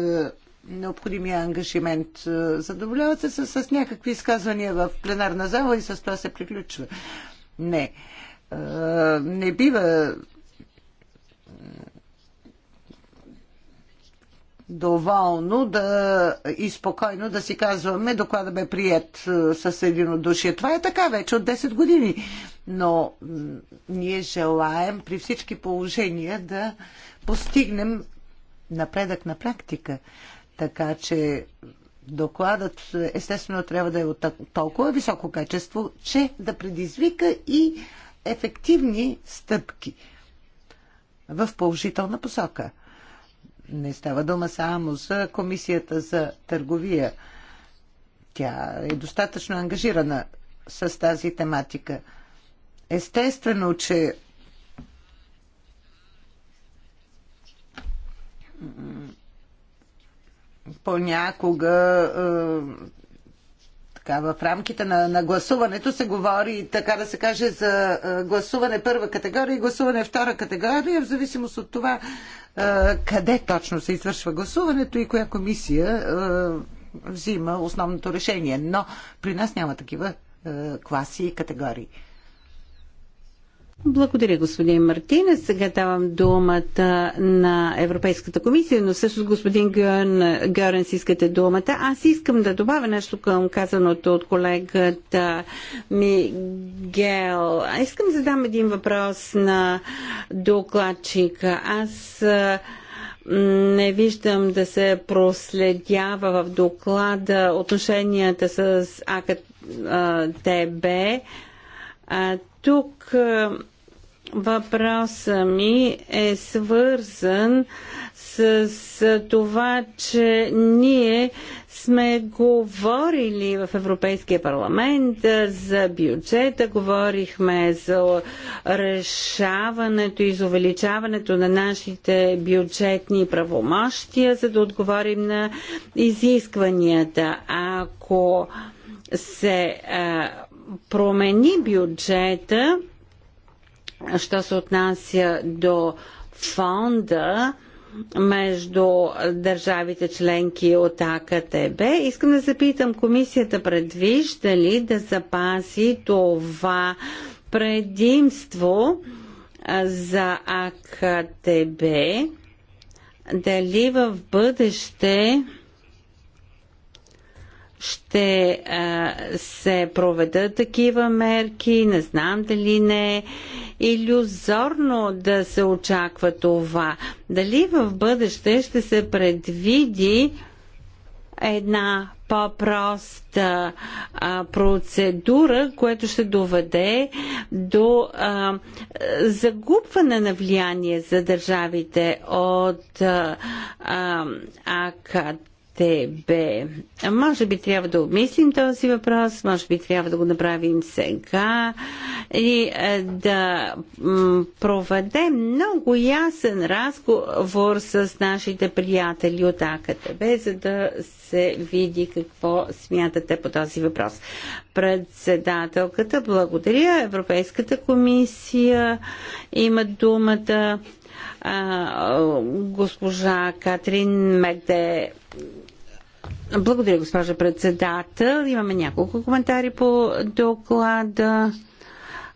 необходимия ангажимент. Задоволяват се с, с някакви изказвания в пленарна зала и с това се приключва. Не. Не бива доволно да, и спокойно да си казваме доклада бе прият с единодушие. Това е така вече от 10 години. Но ние желаем при всички положения да постигнем напредък на практика. Така че докладът естествено трябва да е от толкова високо качество, че да предизвика и ефективни стъпки в положителна посока – не става дума само за комисията за търговия. Тя е достатъчно ангажирана с тази тематика. Естествено, че понякога е, така, в рамките на, на гласуването се говори, така да се каже, за е, гласуване първа категория и гласуване втора категория, в зависимост от това къде точно се извършва гласуването и коя комисия взима основното решение. Но при нас няма такива класи и категории. Благодаря, господин Мартина. Сега давам думата на Европейската комисия, но също господин Гърн, си искате думата. Аз искам да добавя нещо към казаното от колегата Мигел. Аз искам да задам един въпрос на докладчика. Аз не виждам да се проследява в доклада отношенията с АКТБ. Тук е, въпроса ми е свързан с, това, че ние сме говорили в Европейския парламент е, за бюджета, говорихме за решаването и за увеличаването на нашите бюджетни правомощия, за да отговорим на изискванията. Ако се а, е, промени бюджета, що се отнася до фонда между държавите членки от АКТБ. Искам да запитам комисията предвижда ли да запази това предимство за АКТБ, дали в бъдеще ще а, се проведат такива мерки, не знам дали не е иллюзорно да се очаква това. Дали в бъдеще ще се предвиди една по-проста процедура, което ще доведе до а, загубване на влияние за държавите от а, а, АКТ ТБ. Може би трябва да обмислим този въпрос, може би трябва да го направим сега и е, да проведем много ясен разговор с нашите приятели от АКТБ, за да се види какво смятате по този въпрос. Председателката, благодаря. Европейската комисия има думата. Госпожа Катрин Мегде благодаря, госпожа председател. Имаме няколко коментари по доклада.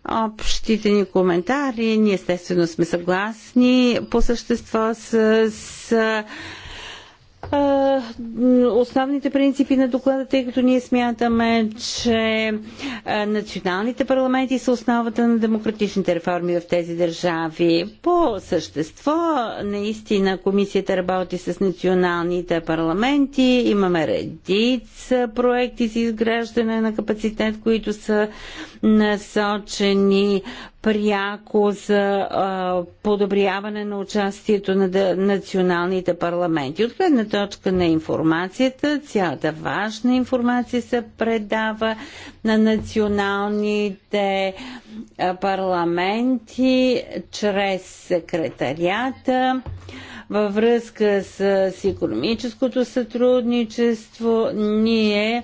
Общите ни коментари, ние естествено сме съгласни по същество с, с основните принципи на доклада, тъй като ние смятаме, че националните парламенти са основата на демократичните реформи в тези държави. По същество, наистина, комисията работи с националните парламенти. Имаме редица проекти за изграждане на капацитет, които са насочени пряко за а, подобряване на участието на националните парламенти. От гледна точка на информацията, цялата важна информация се предава на националните парламенти чрез секретарията във връзка с економическото сътрудничество. Ние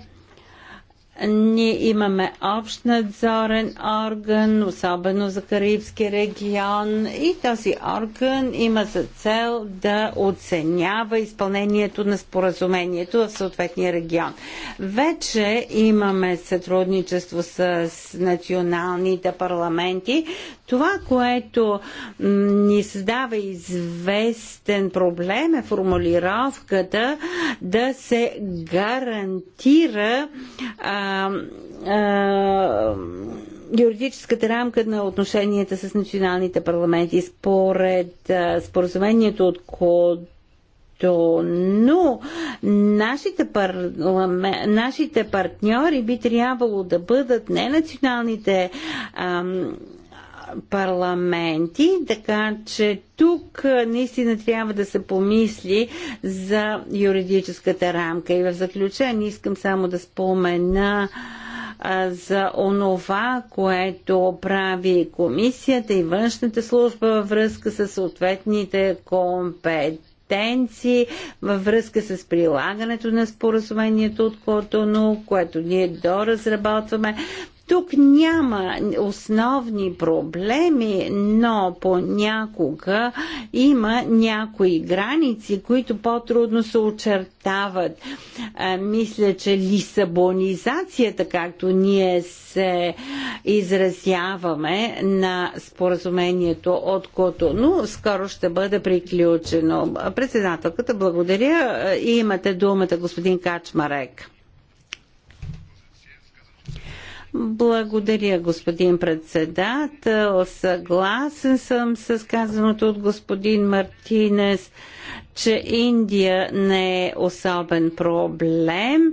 ние имаме общ надзорен орган, особено за Карибски регион и този орган има за цел да оценява изпълнението на споразумението в съответния регион. Вече имаме сътрудничество с националните парламенти. Това, което ни създава известен проблем е формулировката да се гарантира а, юридическата рамка на отношенията с националните парламенти. Според споразумението от Код но нашите, пар... нашите партньори би трябвало да бъдат не националните ам, парламенти, така че тук наистина трябва да се помисли за юридическата рамка. И в заключение искам само да спомена за онова, което прави комисията и външната служба във връзка с съответните компетенции във връзка с прилагането на споразумението от Котоно, което ние доразработваме. Тук няма основни проблеми, но понякога има някои граници, които по-трудно се очертават. Мисля, че лисабонизацията, както ние се изразяваме на споразумението от но скоро ще бъде приключено. Председателката, благодаря. Е, имате думата, господин Качмарек. Благодаря, господин председател. Съгласен съм с казаното от господин Мартинес, че Индия не е особен проблем.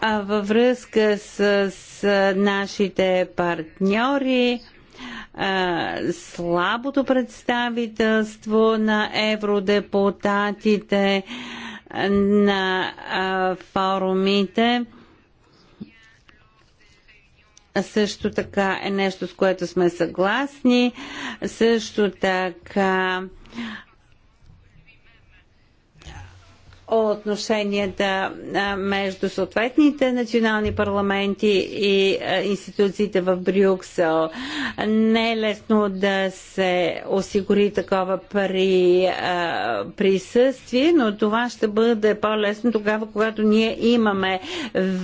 А във връзка с, с нашите партньори, слабото представителство на евродепутатите на форумите, също така е нещо, с което сме съгласни. Също така отношенията между съответните национални парламенти и институциите в Брюксел. Не е лесно да се осигури такова при присъствие, но това ще бъде по-лесно тогава, когато ние имаме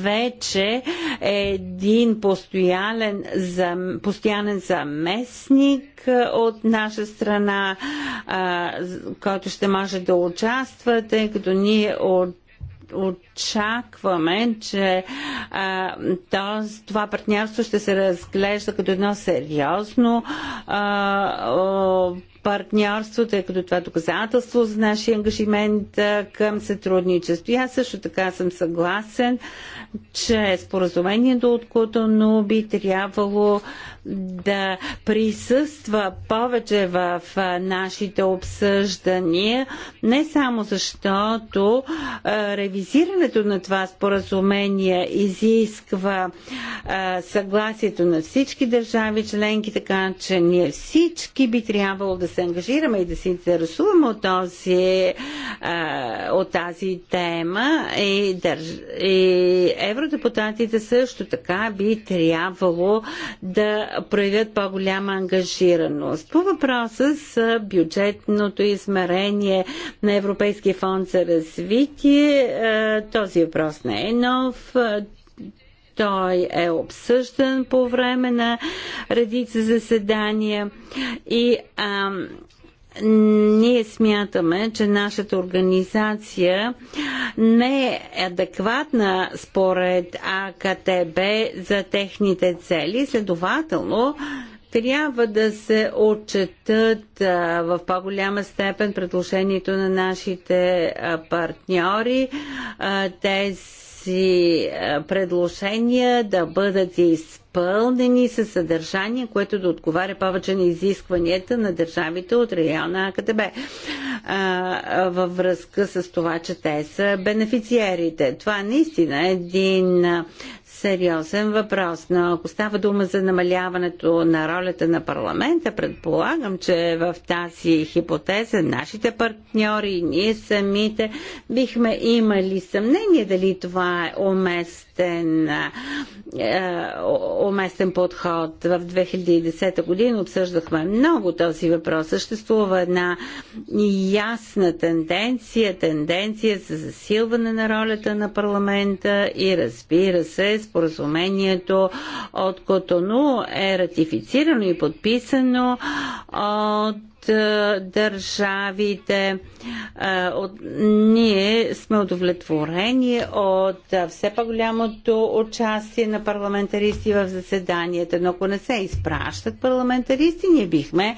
вече един постоянен, зам, постоянен заместник от наша страна, който ще може да участва, тъй като ние от очакваме, че а, то, това партньорство ще се разглежда като едно сериозно а, партньорство, тъй като това е доказателство за нашия ангажимент към сътрудничество. И аз също така съм съгласен, че споразумението от Котону би трябвало да присъства повече в нашите обсъждания, не само защото ревизирането на това споразумение изисква съгласието на всички държави членки, така че ние всички би трябвало да се ангажираме и да се интересуваме от, този, от тази тема и, държ... и евродепутатите също така би трябвало да проявят по-голяма ангажираност. По въпроса с бюджетното измерение на Европейския фонд за развитие, този въпрос не е нов. Той е обсъждан по време на редица заседания и ам, ние смятаме, че нашата организация не е адекватна според АКТБ за техните цели. Следователно, трябва да се отчетат а, в по-голяма степен предложението на нашите а, партньори. А, тези тези е, предложения да бъдат изпълнени със съдържание, което да отговаря повече на изискванията на държавите от района АКТБ е, във връзка с това, че те са бенефициерите. Това наистина е един е, сериозен въпрос, но ако става дума за намаляването на ролята на парламента, предполагам, че в тази хипотеза нашите партньори и ние самите бихме имали съмнение дали това е уместно уместен, е, уместен подход. В 2010 година обсъждахме много този въпрос. Съществува една ясна тенденция, тенденция за засилване на ролята на парламента и разбира се, споразумението от Котону е ратифицирано и подписано от държавите. От, ние сме удовлетворени от все по-голямото участие на парламентаристи в заседанията, но ако не се изпращат парламентаристи, ние бихме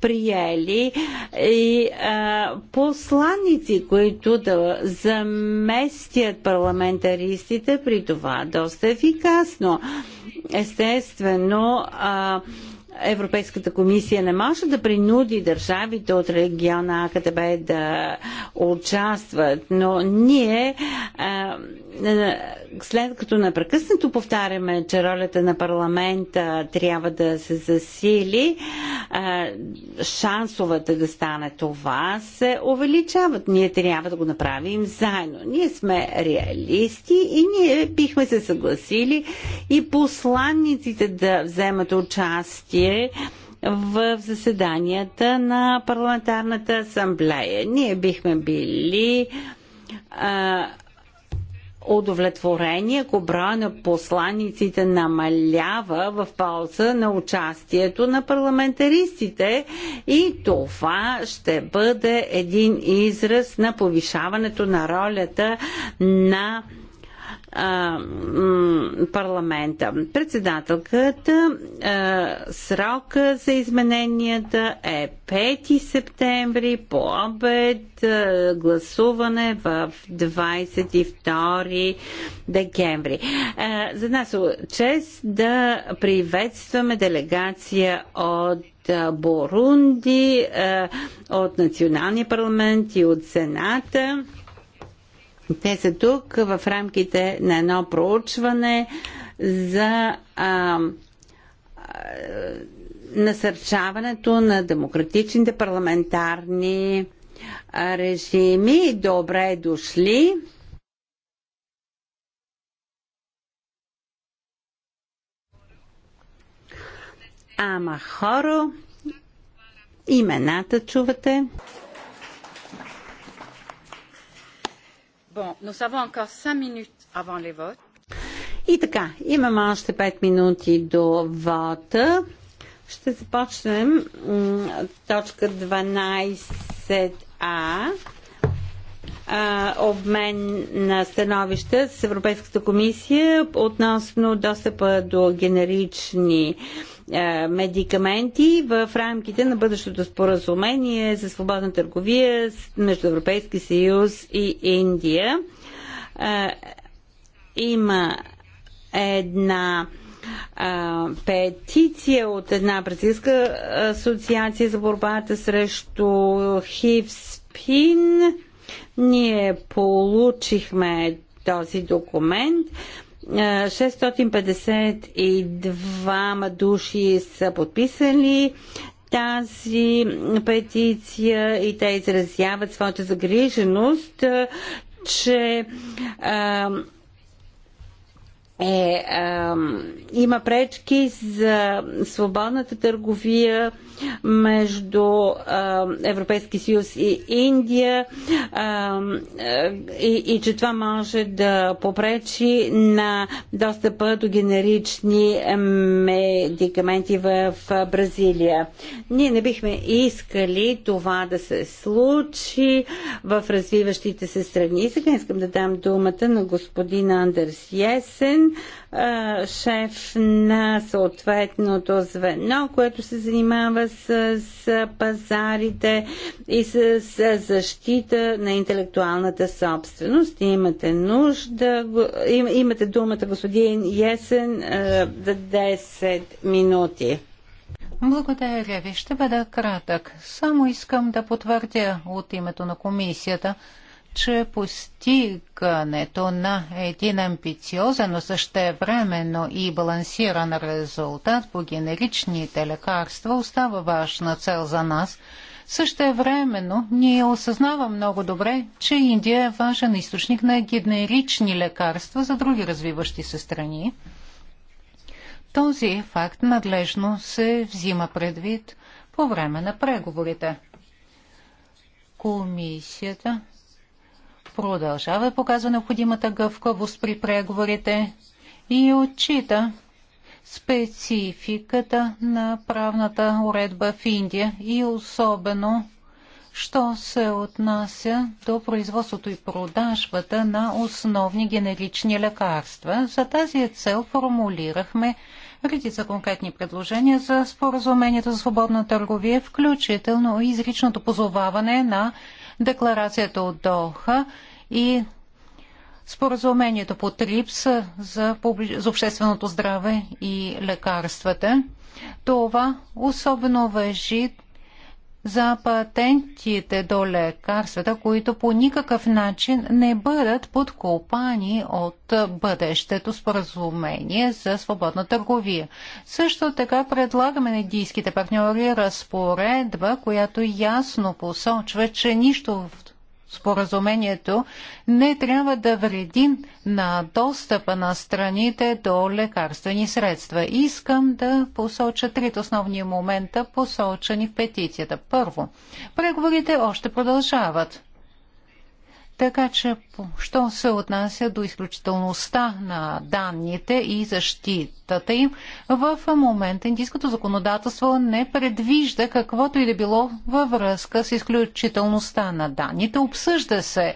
приели и а, които да заместят парламентаристите, при това доста ефикасно. Естествено, а, Европейската комисия не може да принуди държавите от региона АКТБ да участват, но ние, след като напрекъснато повтаряме, че ролята на парламента трябва да се засили, шансовете да стане това се увеличават. Ние трябва да го направим заедно. Ние сме реалисти и ние бихме се съгласили и посланниците да вземат участие участие в заседанията на парламентарната асамблея. Ние бихме били а, удовлетворени, ако броя на посланиците намалява в полза на участието на парламентаристите и това ще бъде един израз на повишаването на ролята на а, парламента. Председателката а, срока за измененията е 5 септември по обед гласуване в 22 декември. А, за нас е чест да приветстваме делегация от Борунди, от Националния парламент и от Сената. Те са тук в рамките на едно проучване за а, насърчаването на демократичните парламентарни режими. Добре дошли! Ама хоро, имената чувате. И така, имаме още 5 минути до вота. Ще започнем точка 12а обмен на становища с Европейската комисия относно достъпа до генерични е, медикаменти в рамките на бъдещото споразумение за свободна търговия между Европейски съюз и Индия. Е, има една е, петиция от една бразилска асоциация за борбата срещу ХИВ-СПИН. Ние получихме този документ. 652 души са подписали тази петиция и те изразяват своята загриженост, че а, е, а, има пречки за свободната търговия между а, Европейски съюз и Индия а, е, и, и че това може да попречи на достъпа до генерични медикаменти в Бразилия. Ние не бихме искали това да се случи в развиващите се страни. И сега искам да дам думата на господин Андерс Есен шеф на съответното звено, което се занимава с, с пазарите и с, с защита на интелектуалната собственост. Имате нужда, им, имате думата, господин Есен, за 10 минути. Благодаря ви. Ще бъда кратък. Само искам да потвърдя от името на комисията – че постигането на един амбициозен, но същевременно и балансиран резултат по генеричните лекарства остава важна цел за нас. Същевременно ние осъзнаваме много добре, че Индия е важен източник на генерични лекарства за други развиващи се страни. Този факт надлежно се взима предвид по време на преговорите. Комисията продължава да показва необходимата гъвкавост при преговорите и отчита спецификата на правната уредба в Индия и особено що се отнася до производството и продажбата на основни генерични лекарства. За тази цел формулирахме редица конкретни предложения за споразумението за свободна търговия, включително изричното позоваване на декларацията от Доха и споразумението по ТРИПС за, за общественото здраве и лекарствата. Това особено въжи за патентите до лекарствата, които по никакъв начин не бъдат подкопани от бъдещето споразумение за свободна търговия. Също така предлагаме на индийските партньори разпоредба, която ясно посочва, че нищо в споразумението не трябва да вреди на достъпа на страните до лекарствени средства. Искам да посоча трите основни момента, посочени в петицията. Първо, преговорите още продължават. Така че, що се отнася до изключителността на данните и защитата им, в момента индийското законодателство не предвижда каквото и да било във връзка с изключителността на данните. Обсъжда се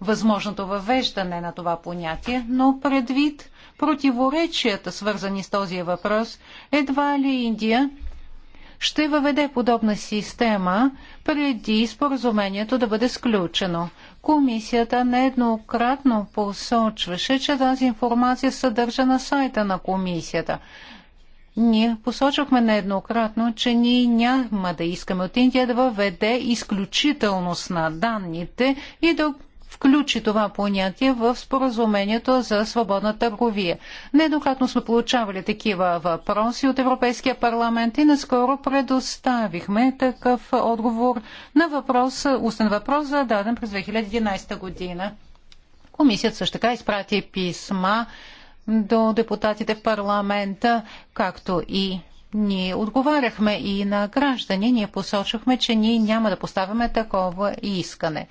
възможното въвеждане на това понятие, но предвид противоречията, свързани с този въпрос, едва ли Индия ще въведе подобна система преди споразумението да бъде сключено. Комисията нееднократно посочваше, че тази информация съдържа на сайта на комисията. Ние посочвахме нееднократно, че ние няма да искаме от Индия да въведе изключителност на данните и да включи това понятие в споразумението за свободна търговия. Недократно сме получавали такива въпроси от Европейския парламент и наскоро предоставихме такъв отговор на въпрос, устен въпрос, зададен през 2011 година. Комисията също така изпрати писма до депутатите в парламента, както и ние отговаряхме и на граждани, ние посочвахме, че ние няма да поставяме такова искане.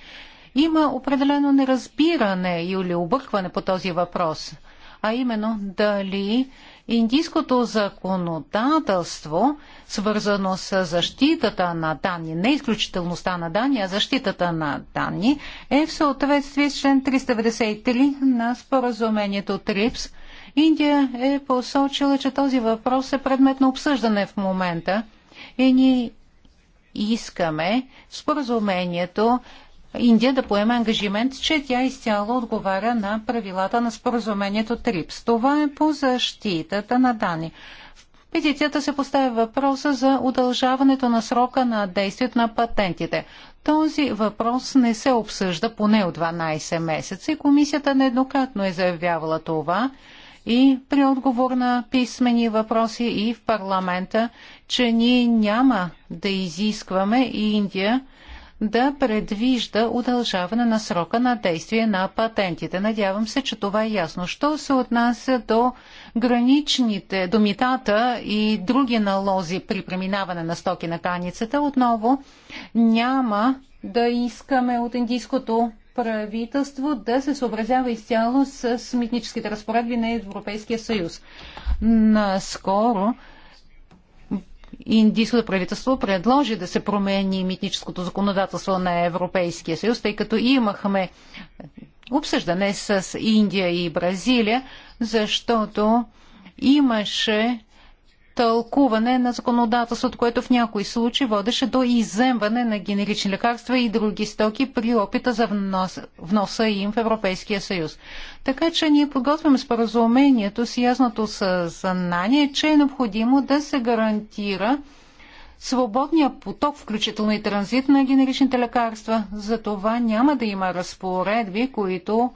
Има определено неразбиране или объркване по този въпрос, а именно дали индийското законодателство, свързано с защитата на данни, не изключителността на данни, а защитата на данни, е в съответствие с член 393 на споразумението ТРИПС. Индия е посочила, че този въпрос е предмет на обсъждане в момента и ние искаме споразумението Индия да поеме ангажимент, че тя изцяло отговаря на правилата на споразумението ТРИПС. Това е по защитата на данни. В петицията се поставя въпроса за удължаването на срока на действието на патентите. Този въпрос не се обсъжда поне от 12 месеца и комисията нееднократно е заявявала това и при отговор на писмени въпроси и в парламента, че ние няма да изискваме и Индия да предвижда удължаване на срока на действие на патентите. Надявам се, че това е ясно. Що се отнася до граничните, домитата и други налози при преминаване на стоки на каницата, отново няма да искаме от индийското правителство да се съобразява изцяло с митническите разпоредби на Европейския съюз. Наскоро индийското правителство предложи да се промени митническото законодателство на Европейския съюз, тъй като имахме обсъждане с Индия и Бразилия, защото имаше тълкуване на законодателството, което в някои случаи водеше до иземване на генерични лекарства и други стоки при опита за внос, вноса им в Европейския съюз. Така че ние подготвяме споразумението с ясното съзнание, че е необходимо да се гарантира свободния поток, включително и транзит на генеричните лекарства. За това няма да има разпоредби, които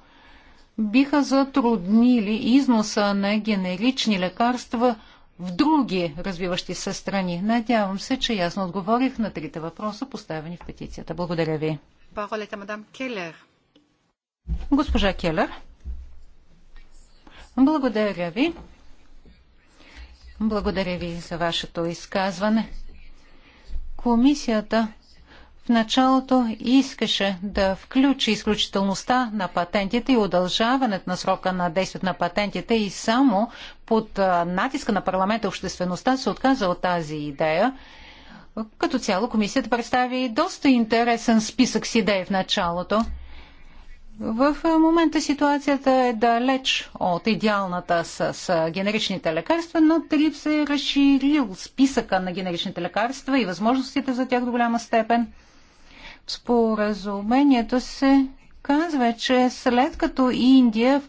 биха затруднили износа на генерични лекарства – в други развиващи се страни. Надявам се, че ясно отговорих на трите въпроса, поставени в петицията. Благодаря ви. Паролета мадам Келер. Госпожа Келер. Благодаря ви. Благодаря ви за вашето изказване. Комисията началото искаше да включи изключителността на патентите и удължаването на срока на действието на патентите и само под натиска на парламента обществеността се отказа от тази идея. Като цяло комисията представи доста интересен списък с идеи в началото. В момента ситуацията е далеч от идеалната с, с генеричните лекарства, но Трип се е разширил списъка на генеричните лекарства и възможностите за тях до голяма степен споразумението се казва, че след като Индия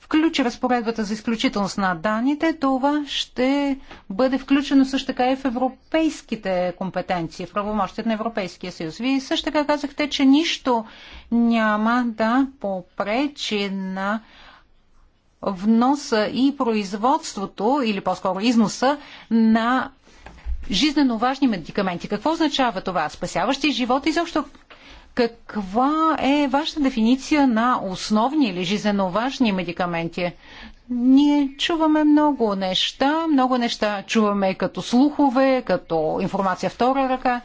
включи разпоредбата за изключителност на данните, това ще бъде включено също така и в европейските компетенции, в правомощите на Европейския съюз. Вие също така казахте, че нищо няма да попречи на вноса и производството, или по-скоро износа, на жизненно важни медикаменти. Какво означава това? Спасяващи живота и защо? каква е вашата дефиниция на основни или жизненно важни медикаменти? Ние чуваме много неща, много неща чуваме като слухове, като информация втора ръка.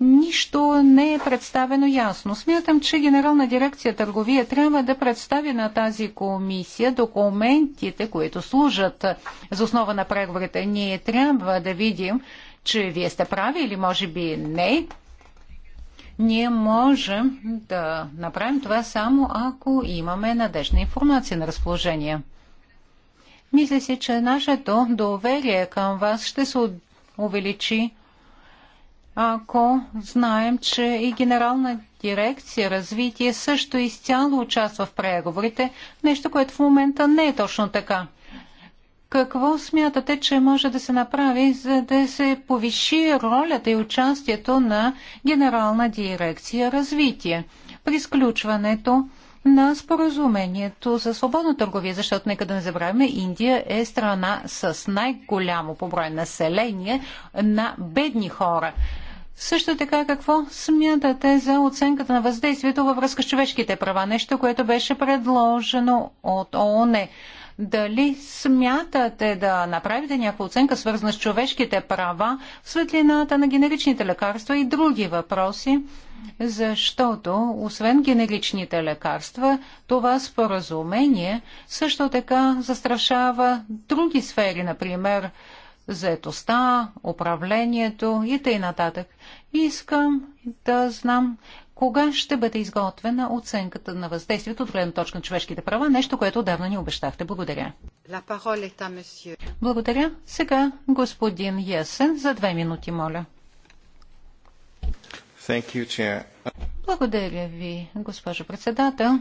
Нищо не е представено ясно. Смятам, че Генерална дирекция търговия трябва да представи на тази комисия документите, които служат за основа на преговорите. Ние трябва да видим, че вие сте прави или може би не, ние можем да направим това само ако имаме надежна информация на разположение. Мисля си, че нашето доверие към вас ще се увеличи, ако знаем, че и генерална дирекция развитие също изцяло участва в преговорите, нещо, което в момента не е точно така. Какво смятате, че може да се направи, за да се повиши ролята и участието на Генерална дирекция развитие при сключването на споразумението за свободна търговия, защото нека да не забравяме, Индия е страна с най-голямо по брой население на бедни хора. Също така, какво смятате за оценката на въздействието във връзка с човешките права? Нещо, което беше предложено от ООН. Дали смятате да направите някаква оценка, свързана с човешките права, в светлината на генеричните лекарства и други въпроси? Защото, освен генеричните лекарства, това споразумение също така застрашава други сфери, например заетостта, управлението и т.н. Искам да знам кога ще бъде изготвена оценката на въздействието от гледна точка на човешките права? Нещо, което отдавна ни обещахте. Благодаря. Благодаря. Сега господин Ясен за две минути, моля. You, Благодаря ви, госпожо председател.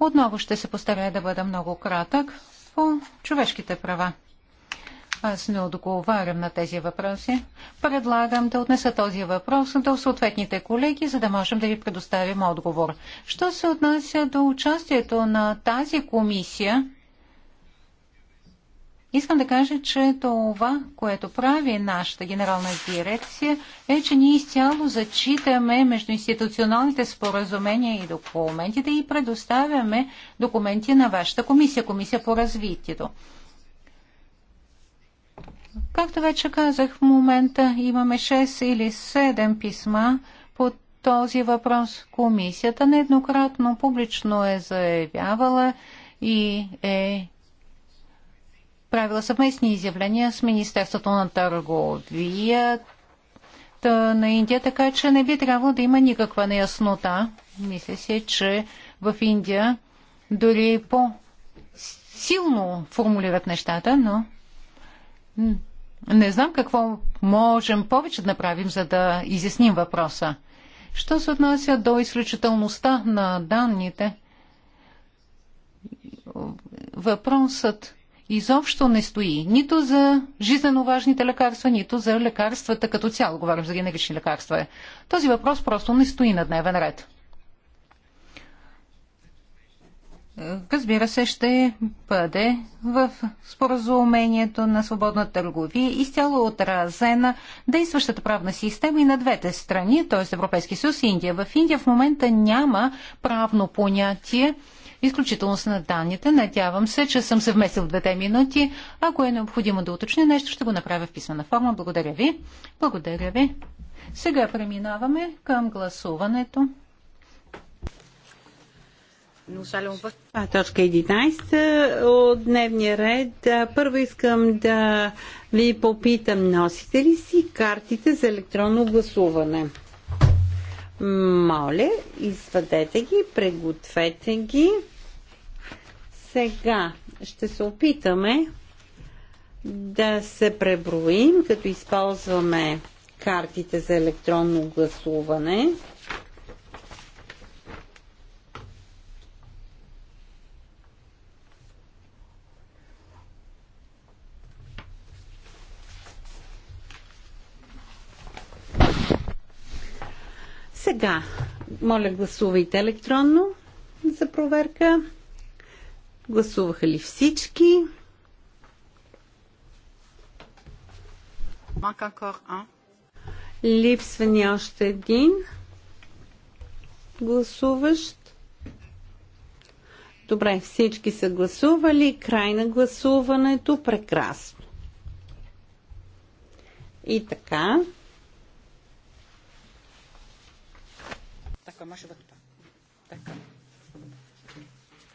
Отново ще се постарая да бъда много кратък по човешките права. Аз не отговарям на тези въпроси. Предлагам да отнеса този въпрос до съответните колеги, за да можем да ви предоставим отговор. Що се отнася до участието на тази комисия, искам да кажа, че това, което прави нашата генерална дирекция, е, че ние изцяло зачитаме междуинституционалните споразумения и документите и предоставяме документи на вашата комисия, комисия по развитието. Както вече казах, в момента имаме 6 или 7 писма по този въпрос. Комисията нееднократно публично е заявявала и е правила съвместни изявления с Министерството на търговията на Индия, така че не би трябвало да има никаква неяснота. Мисля се, че в Индия дори по силно формулират нещата, но не знам какво можем повече да направим, за да изясним въпроса. Що се отнася до изключителността на данните, въпросът изобщо не стои нито за жизненно важните лекарства, нито за лекарствата като цяло. Говорим за генерични лекарства. Този въпрос просто не стои на дневен ред. разбира се, ще бъде в споразумението на свободна търговия изцяло отразена действащата правна система и на двете страни, т.е. Европейски съюз и Индия. В Индия в момента няма правно понятие изключителност на данните. Надявам се, че съм се вместил в двете минути. Ако е необходимо да уточня нещо, ще го направя в писмена форма. Благодаря ви. Благодаря ви. Сега преминаваме към гласуването. Това е точка 11 от дневния ред. Първо искам да ви попитам, носите ли си картите за електронно гласуване? Моля, извадете ги, пригответе ги. Сега ще се опитаме да се преброим, като използваме картите за електронно гласуване. Сега, моля гласувайте електронно за проверка. Гласуваха ли всички? Липсва ни още един гласуващ. Добре, всички са гласували. Край на гласуването. Прекрасно. И така, D'accord, moi je vote pas. D'accord.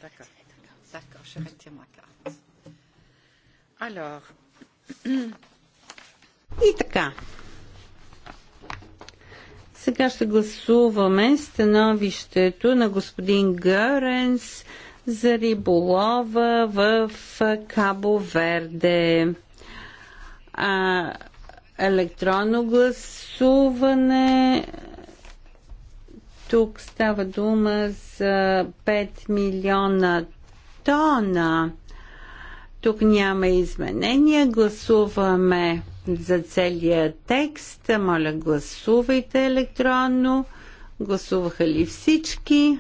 D'accord. D'accord, je retire ma carte. Alors. И така. Сега ще гласуваме становището на господин Гъренс за риболова в Кабо Верде. А, електронно гласуване тук става дума за 5 милиона тона. Тук няма изменения. Гласуваме за целия текст. Моля, гласувайте електронно. Гласуваха ли всички?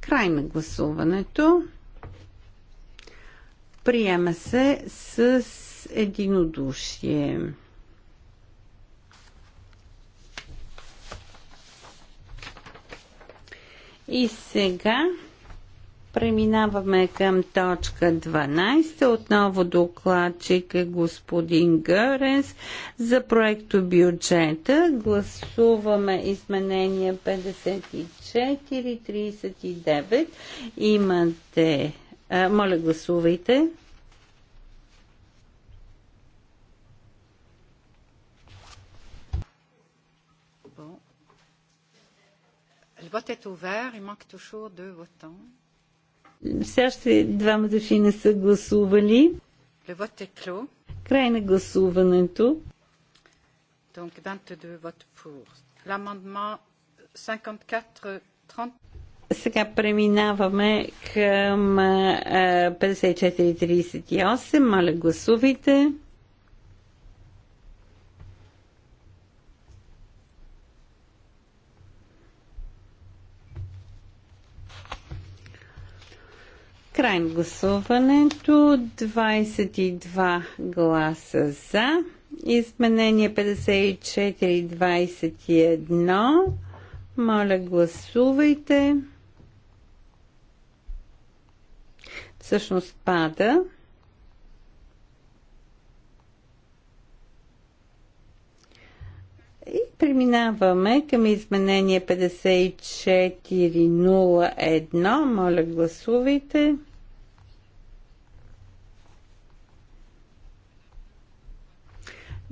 Край на гласуването. Приема се с единодушие. И сега преминаваме към точка 12. Отново докладчик е господин Гъренс за проекто бюджета. Гласуваме изменение 54-39. Имате... А, моля, гласувайте. vote est ouvert. Il manque toujours deux votants. Все още двама не са гласували. Le vote est clos. Край гласуването. Donc 22 votes pour. L'amendement 54 30 сега преминаваме към 54, 38. Моля, гласувайте. Край на гласуването. 22 гласа за. Изменение 54-21. Моля, гласувайте. Всъщност пада. И преминаваме към изменение 5401. Моля, гласувайте.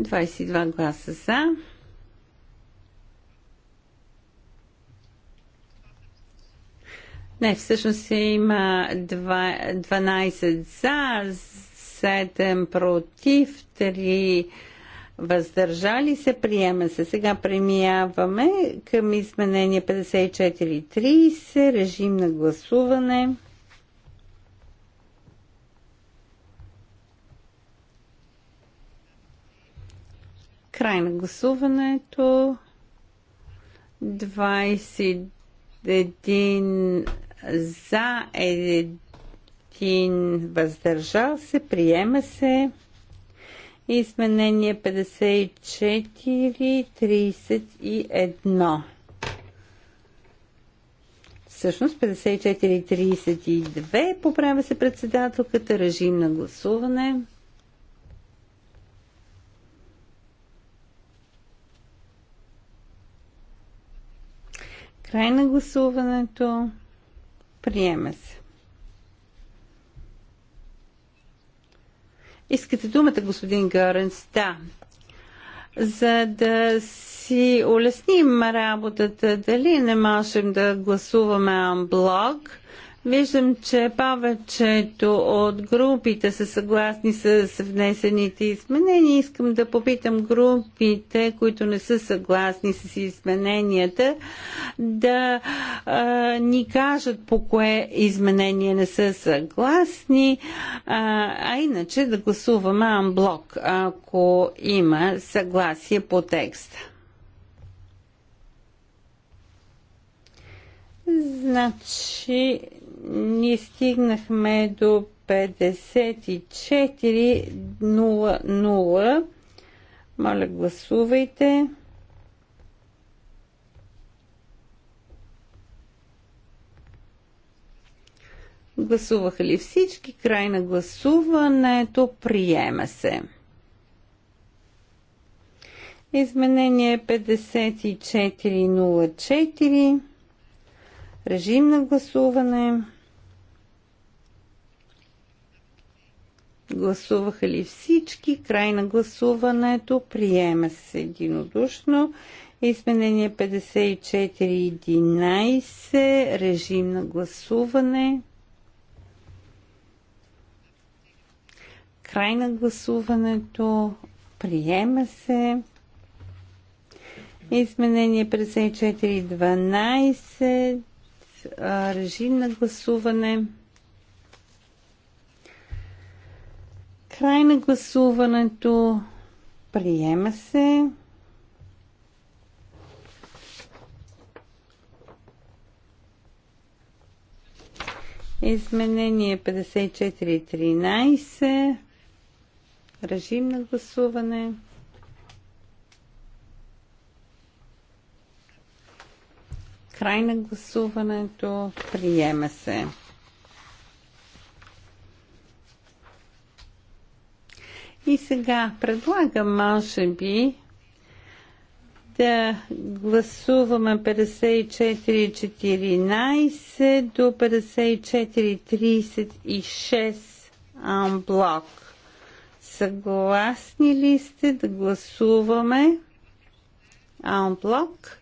22 гласа за. Не, всъщност има 12 за, 7 против, 3 въздържали се, приема се. Сега премияваме към изменение 54.30, режим на гласуване. Край на гласуването. 21 за, 1 въздържал се, приема се. Изменение 54-31. Всъщност 54-32 поправя се председателката режим на гласуване. Край на гласуването. Приема се. Искате думата, господин Гаренс? Да. За да си улесним работата, дали не можем да гласуваме анблок, Виждам, че повечето от групите са съгласни с внесените изменения. Искам да попитам групите, които не са съгласни с измененията, да а, ни кажат по кое изменение не са съгласни, а, а иначе да гласуваме анблок, ако има съгласие по текста. Значи ние стигнахме до 54.00. Моля, гласувайте. Гласуваха ли всички? Край на гласуването. Приема се. Изменение 5404. Режим на гласуване. Гласуваха ли всички? Край на гласуването. Приема се единодушно. Изменение 54.11. Режим на гласуване. Край на гласуването. Приема се. Изменение 54.12 режим на гласуване. Край на гласуването. Приема се. Изменение 54.13. Режим на гласуване. Край на гласуването. Приема се. И сега предлагам, може би, да гласуваме 54.14 до 54.36 амблок. Съгласни ли сте да гласуваме амблок?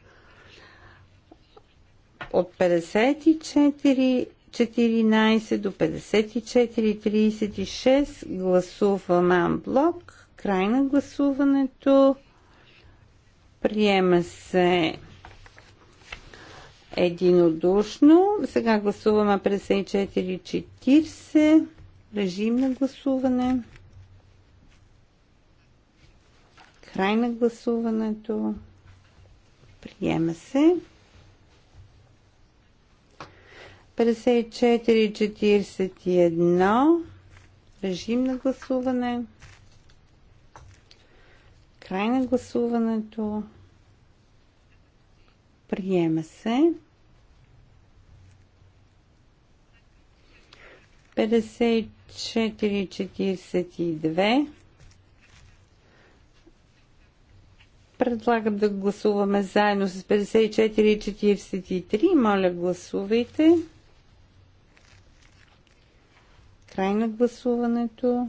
от 54.14 до 54.36 гласувам анблок. Край на гласуването. Приема се единодушно. Сега гласуваме 54.40. Режим на гласуване. Край на гласуването. Приема се. 54-41. Режим на гласуване. Край на гласуването. Приема се. 54-42. Предлагам да гласуваме заедно с 54 43. Моля, гласувайте. Край на гласуването.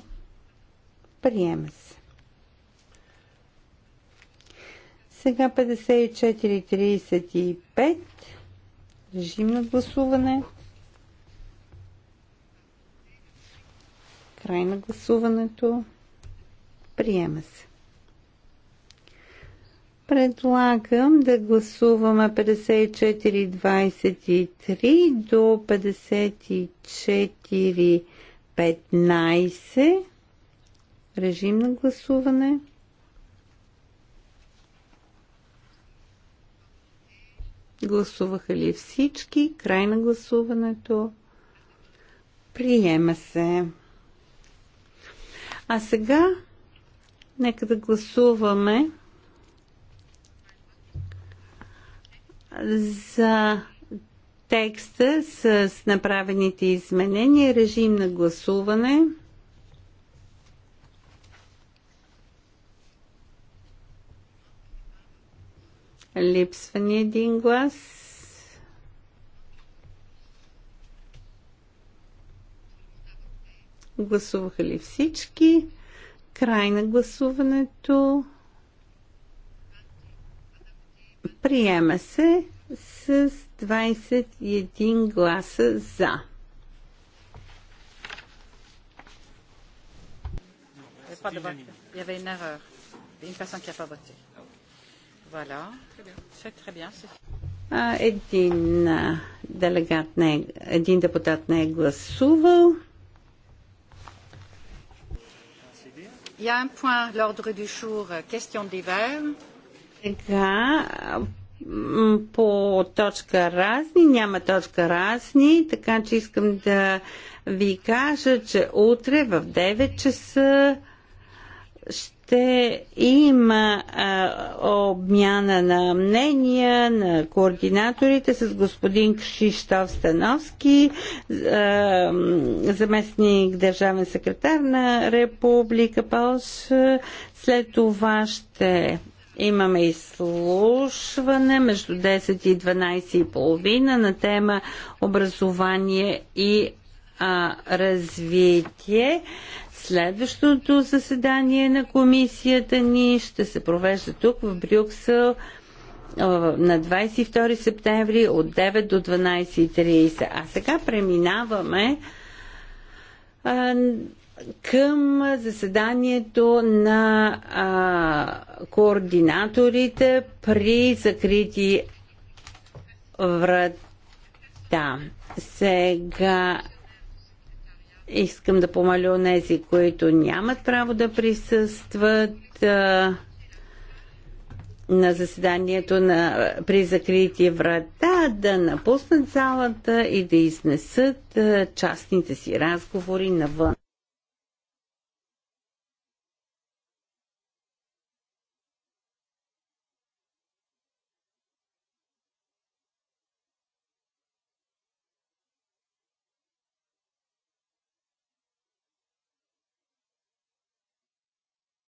Приема се. Сега 54.35. Режим на гласуване. Край на гласуването. Приема се. Предлагам да гласуваме 54.23 до 54. 15. Режим на гласуване. Гласуваха ли всички? Край на гласуването. Приема се. А сега нека да гласуваме за текста с направените изменения, режим на гласуване. Липсва ни един глас. Гласуваха ли всички? Край на гласуването. Приема се с 21 гласа за. Pas de vote. Il y avait une erreur. Une personne qui n'a pas voté. Voilà. C'est très bien. Един делегат не е, един депутат не е гласувал. Il y a un point l'ordre du jour, question d'hiver. Сега по точка разни, няма точка разни, така че искам да ви кажа, че утре в 9 часа ще има а, обмяна на мнения на координаторите с господин Кшиштов Становски, а, заместник държавен секретар на Република Полша. След това ще Имаме изслушване между 10 и 12 и половина на тема образование и а, развитие. Следващото заседание на комисията ни ще се провежда тук в Брюксел на 22 септември от 9 до 12.30. А сега преминаваме към заседанието на а, координаторите при закрити врата. Сега искам да помоля нези, които нямат право да присъстват а, на заседанието на, при закрити врата, да напуснат залата и да изнесат а, частните си разговори навън.